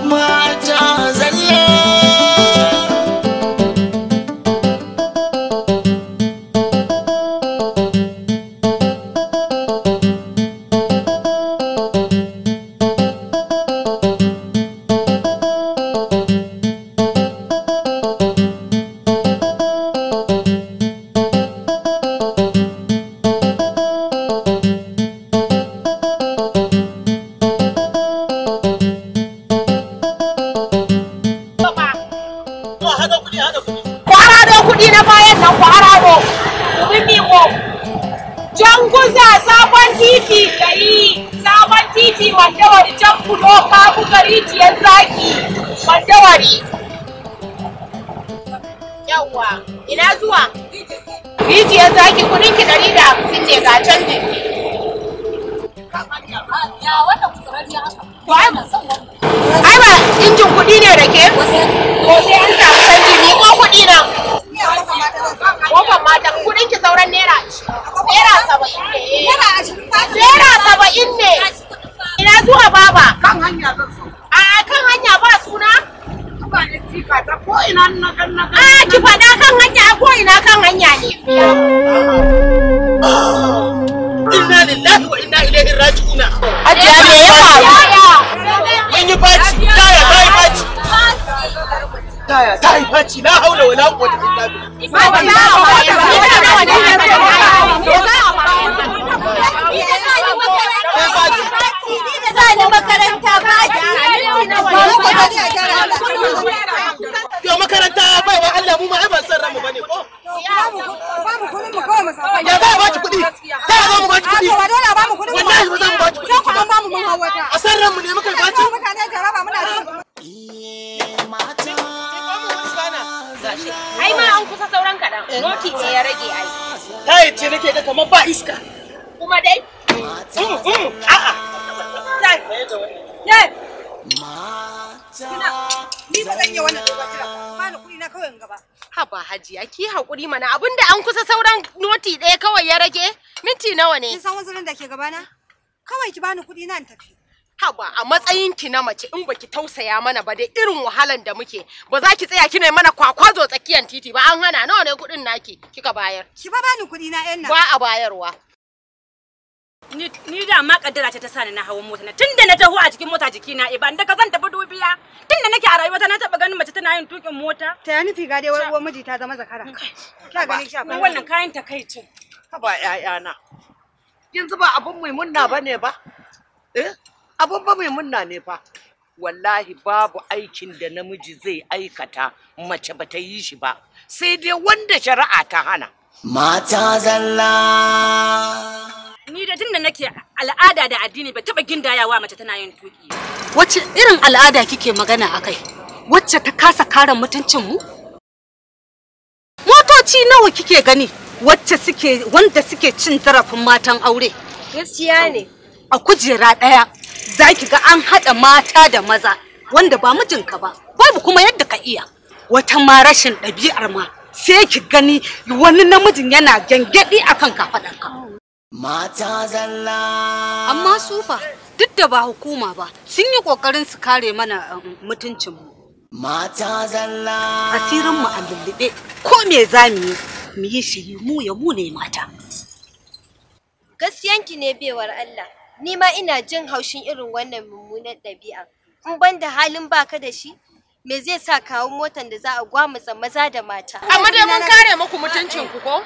kuɗin mu wallahi ba zan ba ki kuɗi ba ba mu mun hawo ta a sarran mu ne muka ba ci mutane jaraba muna da mata ai ma an kusa sauran kaɗan noti ce ya rage ta tayi ce nake ga kamar ba iska kuma dai mm, mm, a'a tayi tayi Kina, ni ba zan yi wannan ba kira, ba kuɗi na kawai gaba. haba hajiya ki haƙuri mana abinda an kusa sauran noti ɗaya kawai ya rage minti nawa ne kin san wazirin da ke gabana kawai ki bani kuɗi nan tafi haba a matsayin ki na mace in baki tausaya mana ba da irin wahalan da muke ba za ki tsaya ki nemi mana kwakwazo tsakiyan titi ba an hana nawa ne kuɗin naki kika bayar ki ba bani kuɗi na yan nan ba a bayarwa ni da ma kaddara ce ta sani na hawan mota na tunda na taho a cikin mota jiki na iban eh, da ka zan tafi dubiya tunda nake a rayuwa ta, na taba ganin mace tana yin tukin mota ta yani nufi ga dai wai uwar miji ta zama zakara ka gani sha ba wannan kayan takaicin ka ba 'ya'ya na? yanzu ba abun mai munna bane ba eh abun ba mai munna ne fa wallahi babu aikin da namiji zai aikata mace ba ta yi shi ba sai dai wanda shari'a ta hana mata zalla ni da tunda nake al'ada da addini ba taba gin gindayawa mace tana yin tuki wacce irin al'ada kike magana akai wacce ta kasa kare mutuncin mu motoci nawa kike gani wacce suke wanda suke cin zarafin matan aure gaskiya ne a kujera daya zaki ga an hada mata da maza wanda ba mijinka ba babu kuma yadda ka iya wata ma rashin ɗabi'ar ma sai ki gani wani namijin yana gyangyaɗi akan kafaɗanka mata zalla amma tsufa duk da ba hukuma ba sun yi kokarin su kare mana um, mutuncinmu mata zalla asirinmu a lullube ko me za mu yi mu yi shi mu ya mu ne mata gaskiyanki ne bewar Allah ni ma ina jin haushin irin wannan mummunan ɗabi'a in ban da halin baka da shi me zai sa kawo motan da za a gwamutsa maza da mata amma dai mun kare muku mutuncinku ko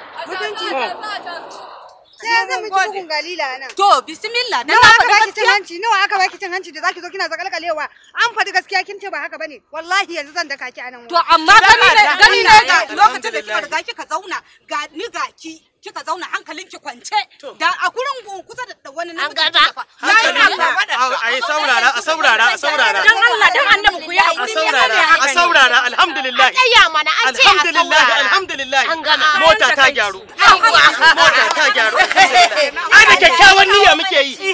mun gode. Kun To bismillah dan na faɗi gaskiya. hanci nawa aka baki cin hanci da zaki zo kina zakalkalewa. An faɗi gaskiya kin ce ba haka bane. Wallahi yanzu zan daka ki anan. To amma gani ne gani ne lokacin da kika riga kika zauna ga ni ga ki kika zauna hankalin ki kwance da a gurin kusa da wani nan ga ba yayi a saurara a saurara a saurara dan Allah dan annabi ku ya a saurara a saurara alhamdulillah ya mana an ce alhamdulillah alhamdulillah mota ta gyaru mota ta gyaru ai da kyakkyawan niyya muke yi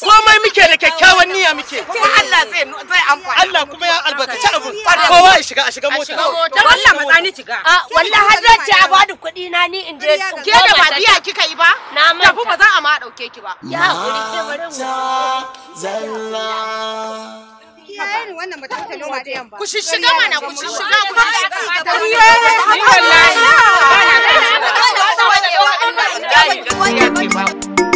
komai muke da kyakkyawan niyya muke kuma Allah zai zai amfana Allah kuma ya albarkaci abu kowa ya shiga a shiga mota ah, wallahi matsani shiga wallahi hajjaji abadu kuɗi na ni in je ke da ba biya kika yi ba tafi ba za a ma dauke ki ba ya hakuri ke mu zalla wannan ba ta noma da ku shishiga mana ku shishiga ku shishiga wallahi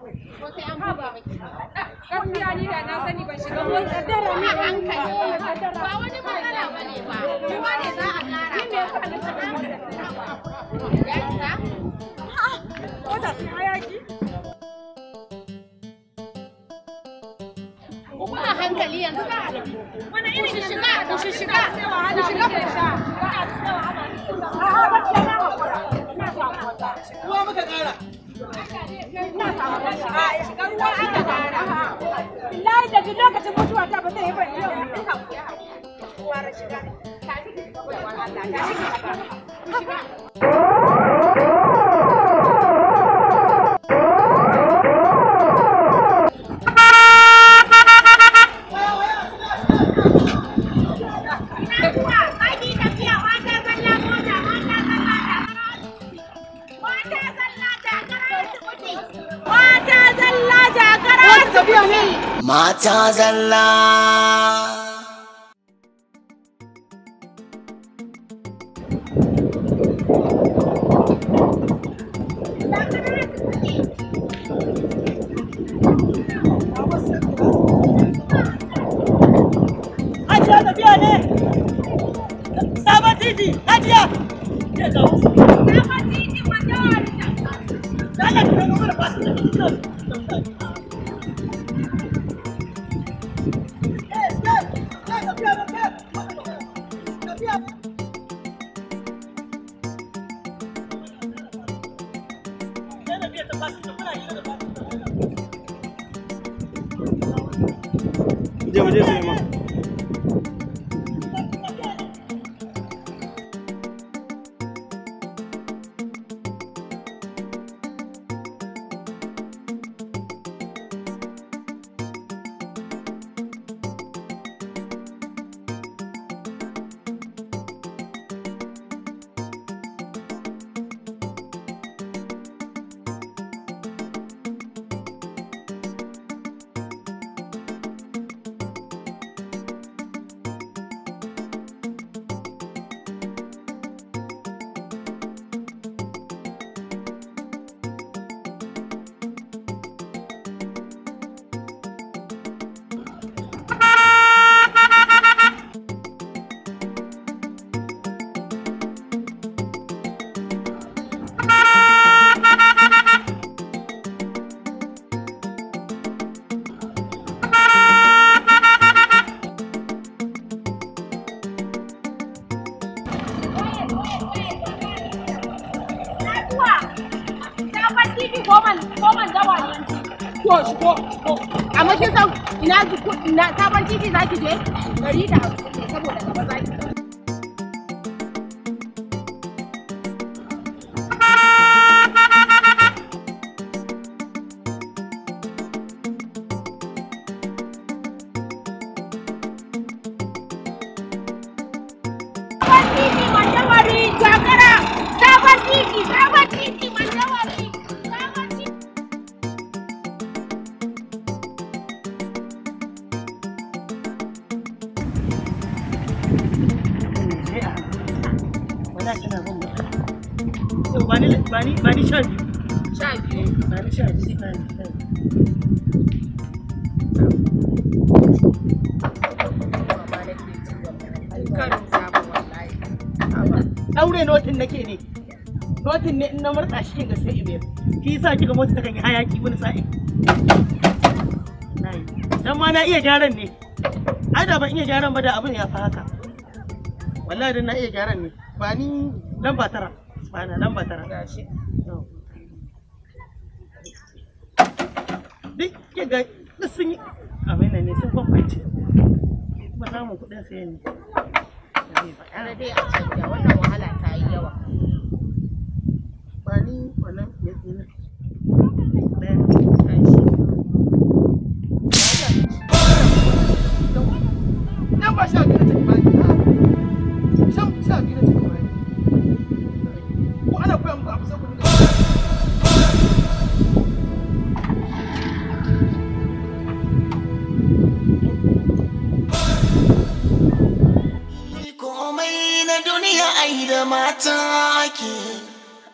gaskiya ni da na sani ban shiga wani kaddara ne hankali ba wani matsala ba ne ba ne za a kara ni me yasa na shiga a hankali yanzu za a rabu wani irin shiga ku shiga sai shiga ku sha a'a gaskiya na hakura na hakura kuwa muka kara Billahi da duk lokacin mutuwa ta ba zai yi tafiya ne mata zalla tafiya ne sabon titi hajiya na sabon titi zaki je? Gari da abu. Aure notin nake ne. Notin ne in na murɗa shi kin ga sai ibe. Ki yasa kika mota ta kan yi hayaki wani sa'i. Dan ma na iya gyaran ne. Ai da ban iya gyaran ba da abin ya fa haka. Wallahi dan na iya gyaran ne. Ba ni lamba tara. Ba na lamba tara. duk ya ga duk sun yi abin nan ne sun bambance kuma samun kuɗin sayan ne da dai a wannan wahala ta yi yawa ba ni wannan ya tsina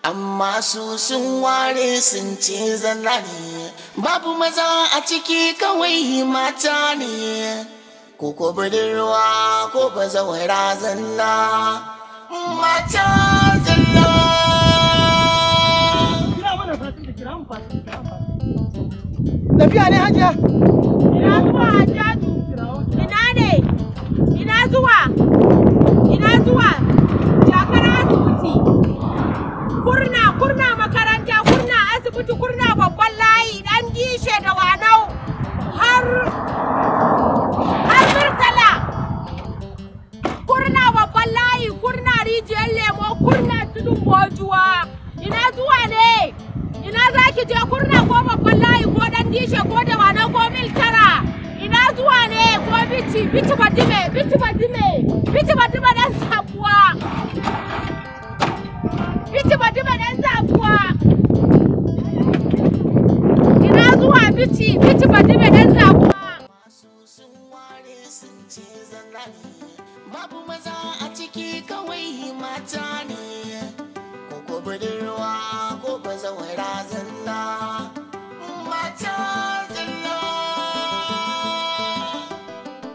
amma su sun ware sun ce zalla ne babu maza a ciki kawai mata ne ko ko budurwa ko ba zawara zalla mata zalla Tafiya ne hajiya? Ina zuwa hajiya Ina ne? Ina zuwa? Ina zuwa? kurna kurna makaranta kurna asibiti kurna babban layi dan dishe da wanau har har murtala kurna babban layi kurna rijiyar lemo kurna tudun bojuwa ina zuwa ne ina zaki je kurna ko babban layi ko dan dishe ko da wanau ko mil tara ina zuwa ne ko bici bici badime bici badime bici badime dan sabuwa Bici ba duba ɗan zabuwa. Ina zuwa bici, bici ba duba ɗan zabuwa. Babu maza a ciki kawai mata ne, ko budurwa ko ba zawara zalla. Mata zalla.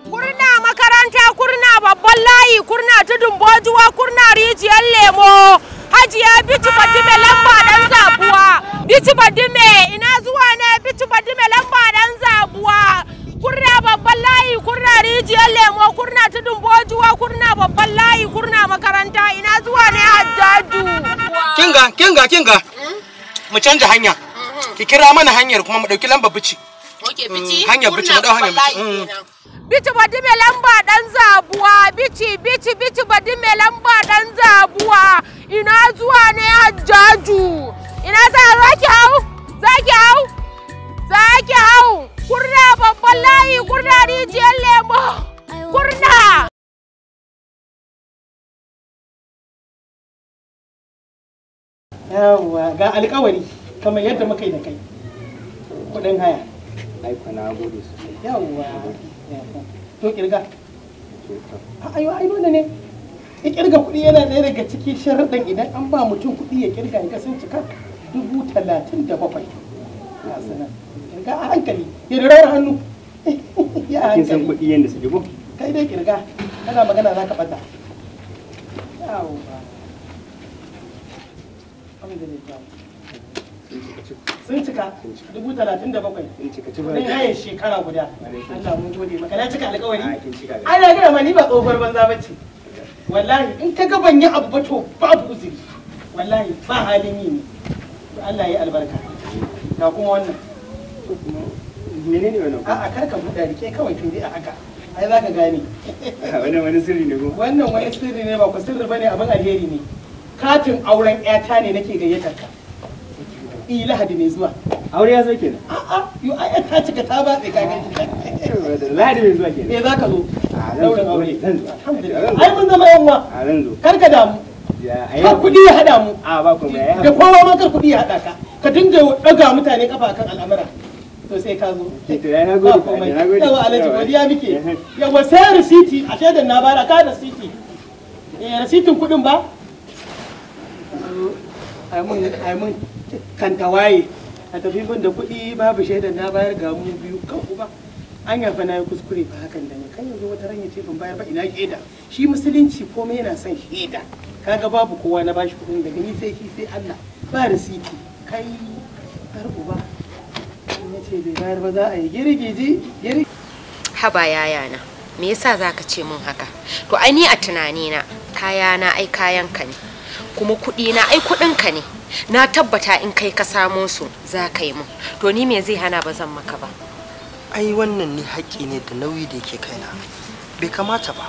Kurna makaranta, kurna babban layi, kurna tudun bojuwa, kurna rijiyar lemo. hajiya bici badume lamba dan zabuwa bici badume ina zuwa ne bici badume lamba dan zabuwa kurna babban layi kurna rijiyar lemo kurna tudun bojuwa kurna babban layi kurna makaranta ina zuwa ne hajjaju kinga kinga kinga mu canja hanya ki kira mana hanyar kuma mu dauki lamba bici Oke mm, bici? Hanya bici, mu dau bici. Mm. Bici lamba dan zabuwa, bici bici bici badi lamba dan zabuwa. ina zuwa ne hajjaju ina za a zaki hau zaki hau zaki hau kurna babban layi kurna rijiyar lemo kurna yawwa ga alkawari kamar yadda muka yi da kai kudin haya aiko na gode sosai yawwa to kirga ayo ayo ne ya kirga kuɗi yana ɗaya daga ciki sharaɗin idan an ba mutum kuɗi ya kirga ya cika dubu talatin da bakwai sanar kirga a hankali ya hannu ya hankali kin kuɗi yadda su kai dai kirga kana magana za ka bata yawo ba sun cika dubu talatin da bakwai sun shekara guda Allah mun gode maka na cika ana gina ma ni ba tsohuwar banza bace wallahi in ka ga ban yi abu ba to babu uzuri wallahi ba halin yi ne Allah ya albarka ga kuma wannan menene wannan a'a kar ka buɗa rike kawai a haka ai za ka gane wannan wani sirri ne ko wannan wani sirri ne ba ku sirri bane abin alheri ne katin auren ƴata ne nake gayyatar ka eh mai zuwa aure ya zo kenan a'a yo ai cika ta ba ka gani ladi zo ai mun zama kar ka damu ka kudi ya hada mu a ba ku mai da kowa ma kar kudi ya hada ka ka dinga daga mutane kafa kan al'amura to sai ka zo to ya na gode na gode yawa alaji godiya muke yawa sai risiti a shaidan na bara ka eh risitin kudin ba ai mun ai mun kan tawaye a tafi bin da kuɗi babu shaida na bayar ga mu biyu kan uba an yafa na yi kuskure ba hakan da ne kan yanzu wata ran ce ban bayar ba ina shaida shi musulunci komai yana son shaida kaga babu kowa na bashi kuɗin da ni sai shi sai Allah ba risiti kai kar uba in ya ce bai bayar ba za a yi girgiji girgije haba yayana me yasa zaka ce mun haka to ai ni a kaya kayana ai kayan ka ne kuma kuɗi na ai kuɗin ka ne na tabbata in kai ka samo su za ka yi mun to ni me zai hana ba zan maka ba ai wannan ni haƙƙi ne da nauyi da yake kaina bai kamata ba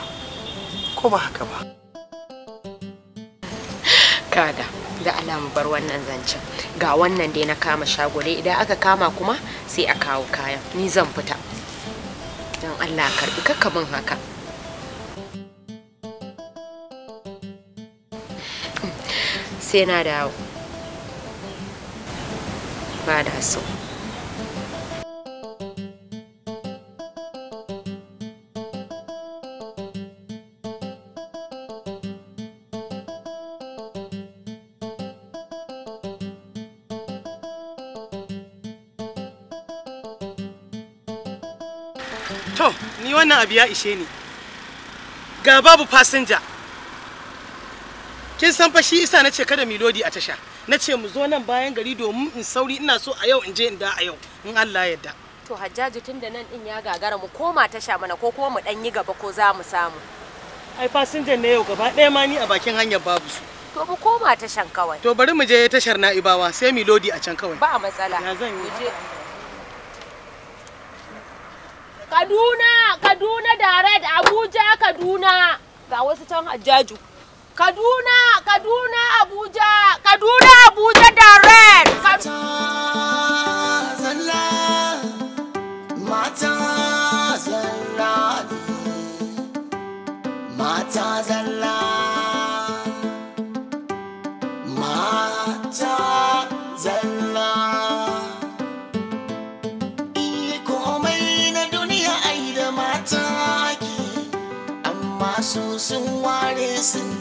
ko ba haka ba kaga da alamu bar wannan zancen ga wannan dai na kama shagole idan aka kama kuma sai a kawo kayan ni zan fita dan allah karbi kakkamin haka sai na dawo ba da so To, ni wannan abu ya ishe ni. Ga babu fasinja. kin san fa shi isa na ce kada milodi a tasha na ce mu zo nan bayan gari domin in sauri ina so a yau in je in da a yau in Allah yadda. to hajjaji tun da nan din ya gagara mu koma tasha mana ko kuma mu dan yi gaba ko za mu samu ai fasinjan ne yau gaba ɗaya ma ni a bakin hanyar babu su to mu koma tashan kawai to bari mu je tashar na'ibawa sai milodi a can kawai ba matsala ya zan yi Kaduna Kaduna direct Abuja Kaduna ga wasu can hajjaju Kaduna, Kaduna, Abuja, Kaduna, Abuja Darren. Matazala, Matazala, Matazala. mata,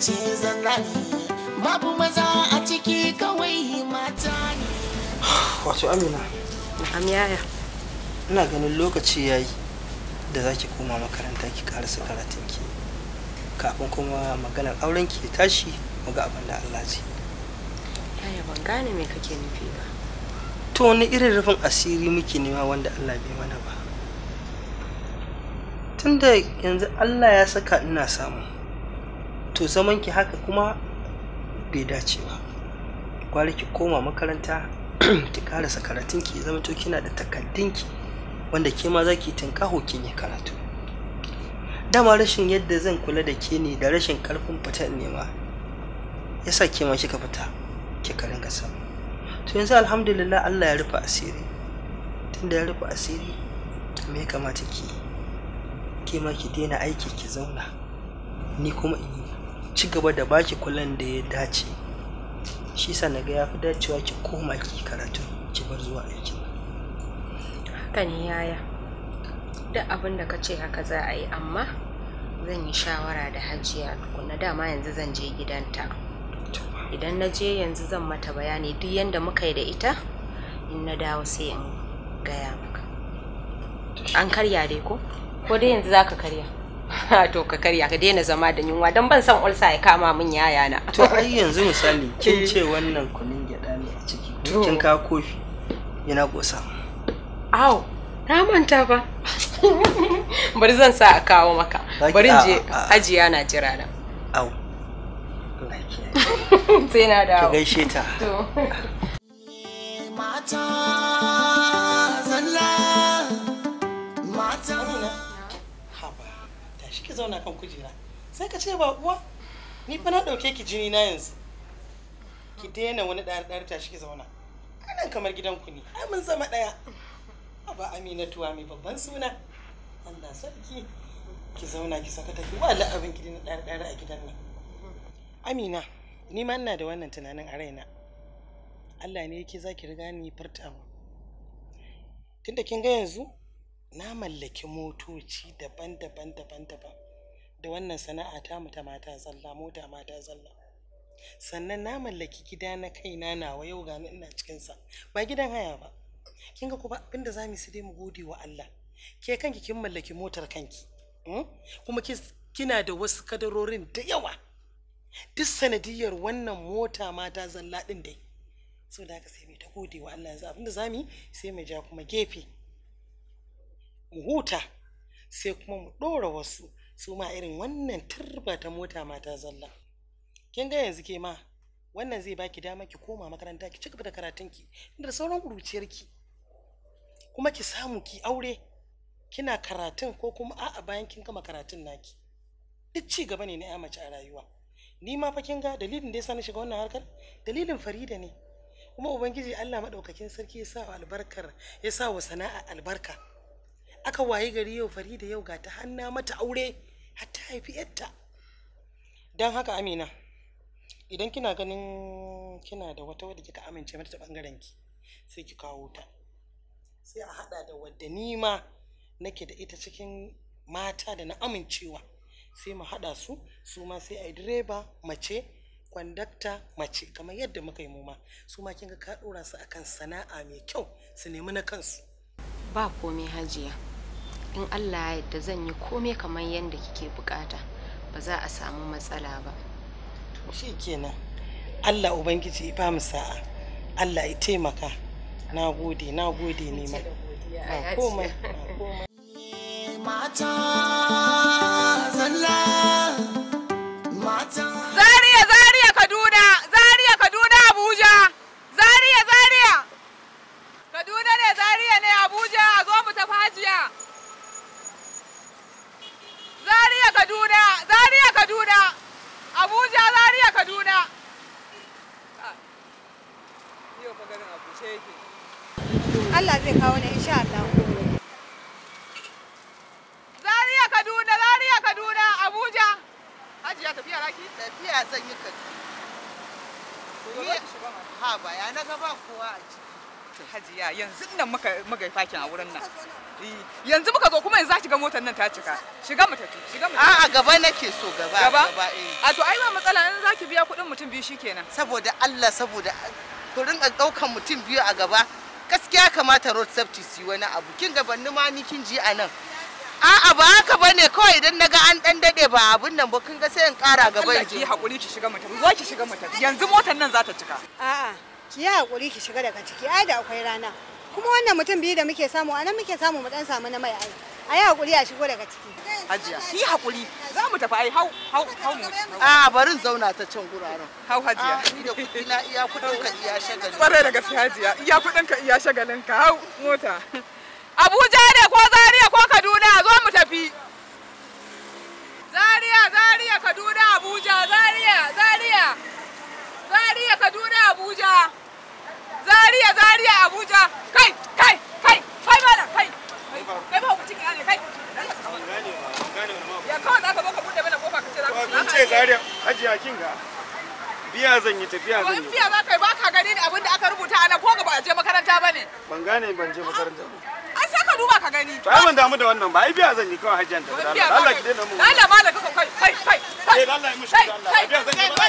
ce zanani babu maza a ciki kawai mata ne wato amina am ina ganin lokaci ya yi da za ki koma makaranta ki karasa karatunki kafin kuma maganar auren ki tashi mu ga abin da Allah ce. yaya ban gane me kake nufi ba to wani irin rufin asiri muke nema wanda Allah bai mana ba tunda yanzu Allah ya saka ina samu to zaman ki haka kuma bai dace ba gwara ki koma makaranta ki karasa karatun ki zama to kina da takaddun ki wanda ke ma za ki tinkaho kin yi karatu dama rashin yadda zan kula da ke ne da rashin karfin fitar nema yasa ke ma kika fita kika ringa samu to yanzu alhamdulillah Allah ya rufe asiri tunda ya rufe asiri me ya kamata ki ke ma ki daina aiki ki zauna ni kuma in yi ci gaba da baki kulan da ya dace shi sa na ga ya fi dacewa ki koma ki karatu ki bar zuwa aiki haka ne yaya duk abin da ka ce haka za a yi amma zan yi shawara da hajiya tukuna dama yanzu zan je gidanta idan na je yanzu zan mata bayani duk yadda muka yi da ita in na dawo sai in gaya maka an karya dai ko ko dai yanzu za ka karya to ka karya ka daina zama da yunwa don ban san ulsa ya kama min yaya na to ai yanzu misali kin eh. ce wannan kunin gyada ne a ciki kin ka kofi yana gosa aw na manta ba bari zan sa a kawo maka bari je ajiya na jira na aw sai na dawo ka gaishe ta mata ki zauna kan kujera sai ka ce ba uwa ni fa na dauke ki jini na yanzu ki daina wani ɗari ɗari tashi ki zauna anan kamar gidanku ne ai mun zama ɗaya ba amina tuwa mai babban suna allah sarki ki zauna ki saka tafi wa Allah abin ki dina ɗari ɗari a gidan nan amina ni ma ina da wannan tunanin a raina Allah ne yake zaki riga ni furtawa tunda kin ga yanzu na mallaki motoci daban-daban daban-daban da wannan sana'a ta mu ta mata zalla mota mata zalla sannan na mallaki gida na kaina nawa yau ga ina cikin sa ba gidan haya ba kin ga kuma abinda za mu sai mu gode wa Allah ke kanki kin mallaki motar kanki hmm? kuma kina da wasu kadarorin da yawa duk sanadiyar wannan mota mata zalla din dai so da haka sai mai ta gode wa Allah yanzu abinda za mu yi sai mu ja kuma gefe mu huta sai kuma mu ɗora wasu su ma irin wannan turba ta mota mata zalla kin ga yanzu ke ma wannan zai baki dama ki koma makaranta ki cigaba da karatun ki da sauran kuruciyar ki kuma ki samu ki aure kina karatun ko kuma a'a bayan kin gama karatun naki duk ci gaba ne na ya mace a rayuwa ni ma fa kin ga dalilin da yasa na shiga wannan harkar dalilin Farida ne kuma ubangiji Allah madaukakin sarki ya sa albarkar ya sa wa sana'a albarka aka wayi gari yau Farida yau ga ta hanna mata aure Hatta ta haifi yadda don haka amina idan kina ganin kina da wata wadda kika amince mata ta bangaren ki sai ki kawo ta sai a hada da wadda ni ma nake da ita cikin mata da na amincewa sai mu hada su su ma sai a yi direba mace kwandakta mace kamar yadda muka yi mu ma su ma kin ka dora su akan sana'a mai kyau su nemi na kansu ba komai hajiya in allah ya yadda zan yi komai kamar yadda kike bukata ba za a samu matsala ba shi kenan allah ubangiji ba mu sa'a allah ya taimaka na gode na gode ne ma komai mata Kaduna, Abuja Zaria Kaduna. Allah zai kawo ne insha Allah. Zaria Kaduna, Zaria Kaduna, Abuja. Hajiya tafiya raki? Tafiya zan yi Kaduna. Ha ba, ya na gaba kowa a ciki. Hajiya yanzu nan muka muka fakin a wurin nan. Eh, yanzu muka zo kuma yanzu za ki ga motar nan ta cika shiga mu tafi shiga mu a'a gaba nake so gaba gaba eh. a to ai ba matsala in za ki biya kuɗin mutum biyu shikenan saboda Allah saboda ku rinka ɗaukan mutum biyu a gaba gaskiya kamata road safety su wani abu kin gabanni ma ni kin ji a nan a'a ba haka bane kawai idan naga an dan dade ba abun nan ba kin ga sai in kara gaba ki hakuri ki shiga mutum zo ki shiga mutum yanzu motar nan za ta cika a'a ki hakuri ki shiga daga ciki ai da akwai rana kuma wannan mutum biyu da muke samu anan muke samu mu dan samu na mai ai a yi hakuri a shigo daga ciki hajiya ki hakuri za mu tafi ai hau hau hau mu a barin zauna ta can guraren hau hajiya ni da kudi na iya kudin ka iya shagalin kware da gaske hajiya iya kudin ka iya shagalin ka hau mota Abuja ne ko Zaria ko Kaduna zo mu tafi Zaria Zaria Kaduna Abuja Zaria Zaria Zaria Kaduna Abuja Zaria Zaria Abuja kai kai kai kai malam kai kai ba ku cikin ne kai ya kawai za ka zo ka bude mana kofa ka ce za ka kun ce Zaria hajiya kinga biya zan yi tafiya zan yi biya za ka yi ba ka gani abin da aka rubuta a nan ko ga ba a je makaranta ba ne ban gane ban je makaranta ba an sa ka duba ka gani ba ban damu da wannan ba ai biya zan yi kawai hajiyan da Allah ki daina mu Allah malaka kai kai kai Eh Allah ya mushi Allah. Abiya zan yi ba.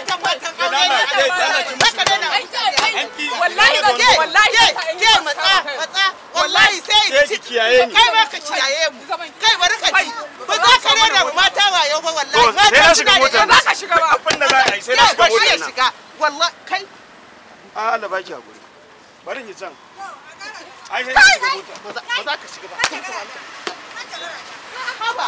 Wallahi ba ke wallahi ke matsa matsa wallahi sai ki kiyaye ni. Kai ba ka kiyaye mu. Kai bari ka ci. Ba za ka rera mata wa yau ba wallahi. Mata shiga mota. Ba ka shiga ba. Abin da za a yi sai na shiga mota. Ba shiga. Wallahi kai. A ah, Allah ba ki hakuri. Bari ki can. Ai sai shiga mota. Ba za ka shiga ba. Haba.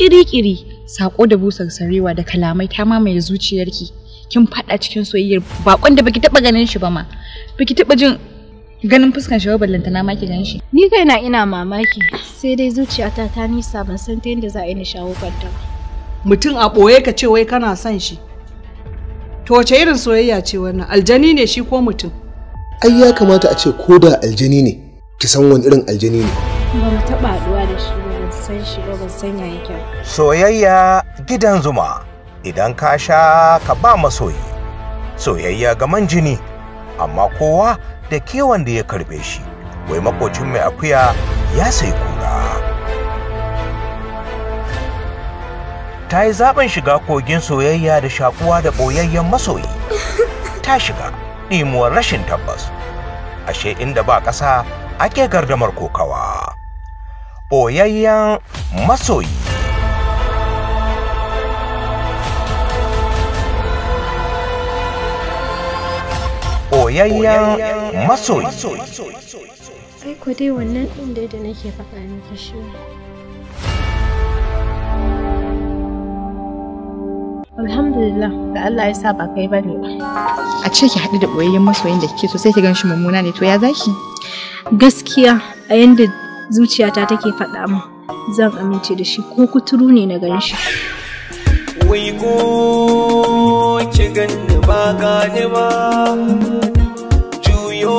ƙiri-ƙiri saƙo da busar sarewa da kalamai ta mamaye zuciyarki kin faɗa cikin soyayyar baƙon da baki taɓa ganin shi ba ma baki taɓa jin ganin fuskar shi ba ballanta na maki ganin shi ni kaina ina mamaki sai dai zuciyata ta nisa ban san ta yadda za a yi ni shawo kanta ba mutum a ɓoye ka ce wai kana son shi to wace irin soyayya ce wannan aljani ne shi ko mutum ai ya kamata a ce ko da aljani ne ki san wani irin aljani ne ba mu taɓa haɗuwa sanya yake. Soyayya gidan zuma idan ka sha ka ba masoyi. Soyayya ga man jini amma kowa da kewan da ya karbe shi. Wai makocin mai akuya ya sai kura. Ta yi zaɓen shiga kogin soyayya da shakuwa da ɓoyayyen masoyi. Ta shiga ɗimuwar rashin tabbas. Ashe inda ba ƙasa ake gardamar kokawa. ɓoyayyen masoyi. Ɓoyayyen masoyi. Ai ku dai wannan ɗin dai da nake faɗa miki shi ne. Alhamdulillah da Allah ya sa ba kai ba ne ba. A ce ki haɗu da ɓoyayyen masoyin da kike so sai ki gan shi mummuna ne to ya zaki? Gaskiya a yanda zuciyata take faɗa min zan amince da shi ko kuturu ne na gan shi wai ko ki ganni ba gane ba juyo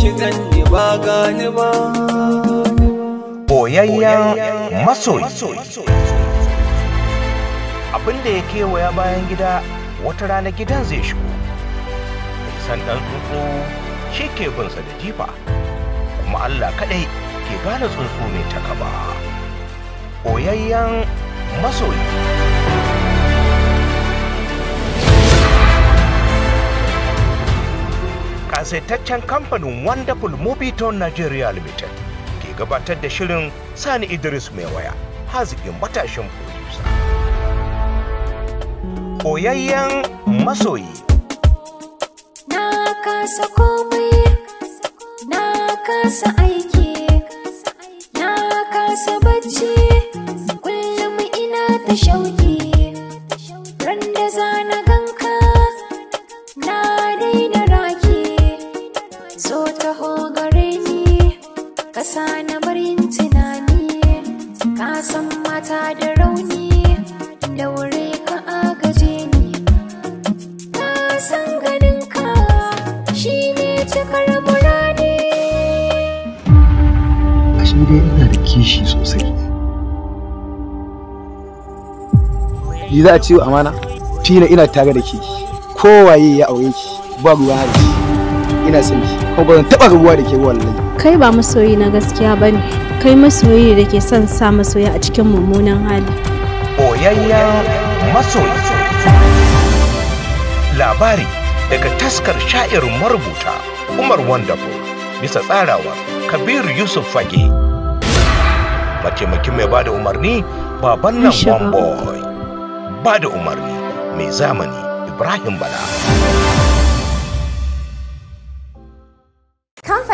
ki ganni ba gane ba boyayyen masoyi abinda ya kewaya bayan gida wata rana gidan zai shigo sandan dan tsuntsu shi ke binsa da jifa kuma Allah kaɗai ke gane tsuntsu mai takaba. Oyayyen masoyi. Kasaitaccen kamfanin Wonderful Movie Town Nigeria Limited ke gabatar da shirin Sani Idris mai waya, hazikin matashin producer. Oyayyen masoyi. Na kasa komai kasa aiki na kasa bacci kullum ina ta shauki ran da zana ganka na daina raki so ta hogare ni kasa na barin tunani kasan mata da rauni da wuri ni dai ina da kishi sosai ni za a ciwo amana tina ina tare da ke kowaye ya aure ki ba ruwa da ki ina son ki kuma ba zan taba ruwa da ke wallahi kai ba masoyi na gaskiya ba ne, kai masoyi da ke son sa masoya a cikin mummunan hali boyayyen masoyi labari daga taskar sha'irin marubuta umar wonderful bisa tsarawa kabiru yusuf fage mataimakin mai bada umarni baban nan one boy bada umarni mai zamani ibrahim bala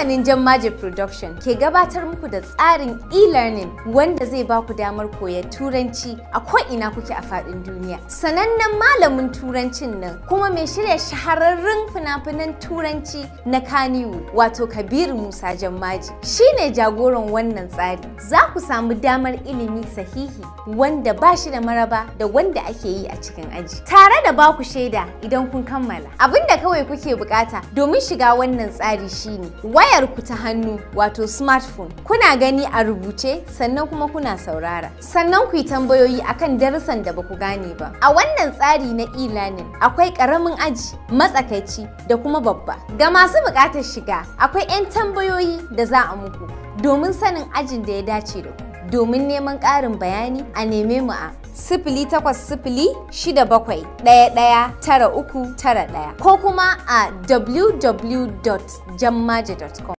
kamfanin Jan Magic Production ke gabatar muku da tsarin e-learning wanda zai ba ku damar koyar turanci a ko'ina kuke a faɗin duniya. Sanannen malamin turancin nan kuma mai shirya shahararrun fina-finan turanci na Kaniwu wato Kabiru Musa Jan Maji shi ne jagoran wannan tsari. Za ku samu damar ilimi sahihi wanda ba shi da maraba da wanda ake yi a cikin aji. Tare da ba ku shaida idan kun kammala. Abin da kawai kuke bukata domin shiga wannan tsari shine waya wayarku ta hannu wato smartphone kuna gani a rubuce sannan kuma kuna saurara sannan ku yi tambayoyi akan darussan da baku gane ba a wannan tsari na e-learning akwai karamin aji matsakaici da kuma babba ga masu buƙatar shiga akwai 'yan tambayoyi da za a muku domin sanin ajin da ya dace da ku domin neman ƙarin bayani a neme mu a sifili takwas sifili shida bakwai ɗaya ɗaya tara uku tara ɗaya ko kuma a www.jammaje.com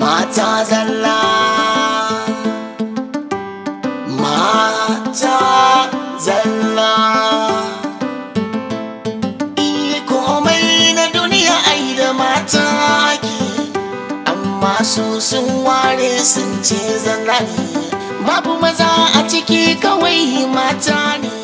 Mata zalla su sun ware sun ce zanrani babu maza a ciki kawai mata ne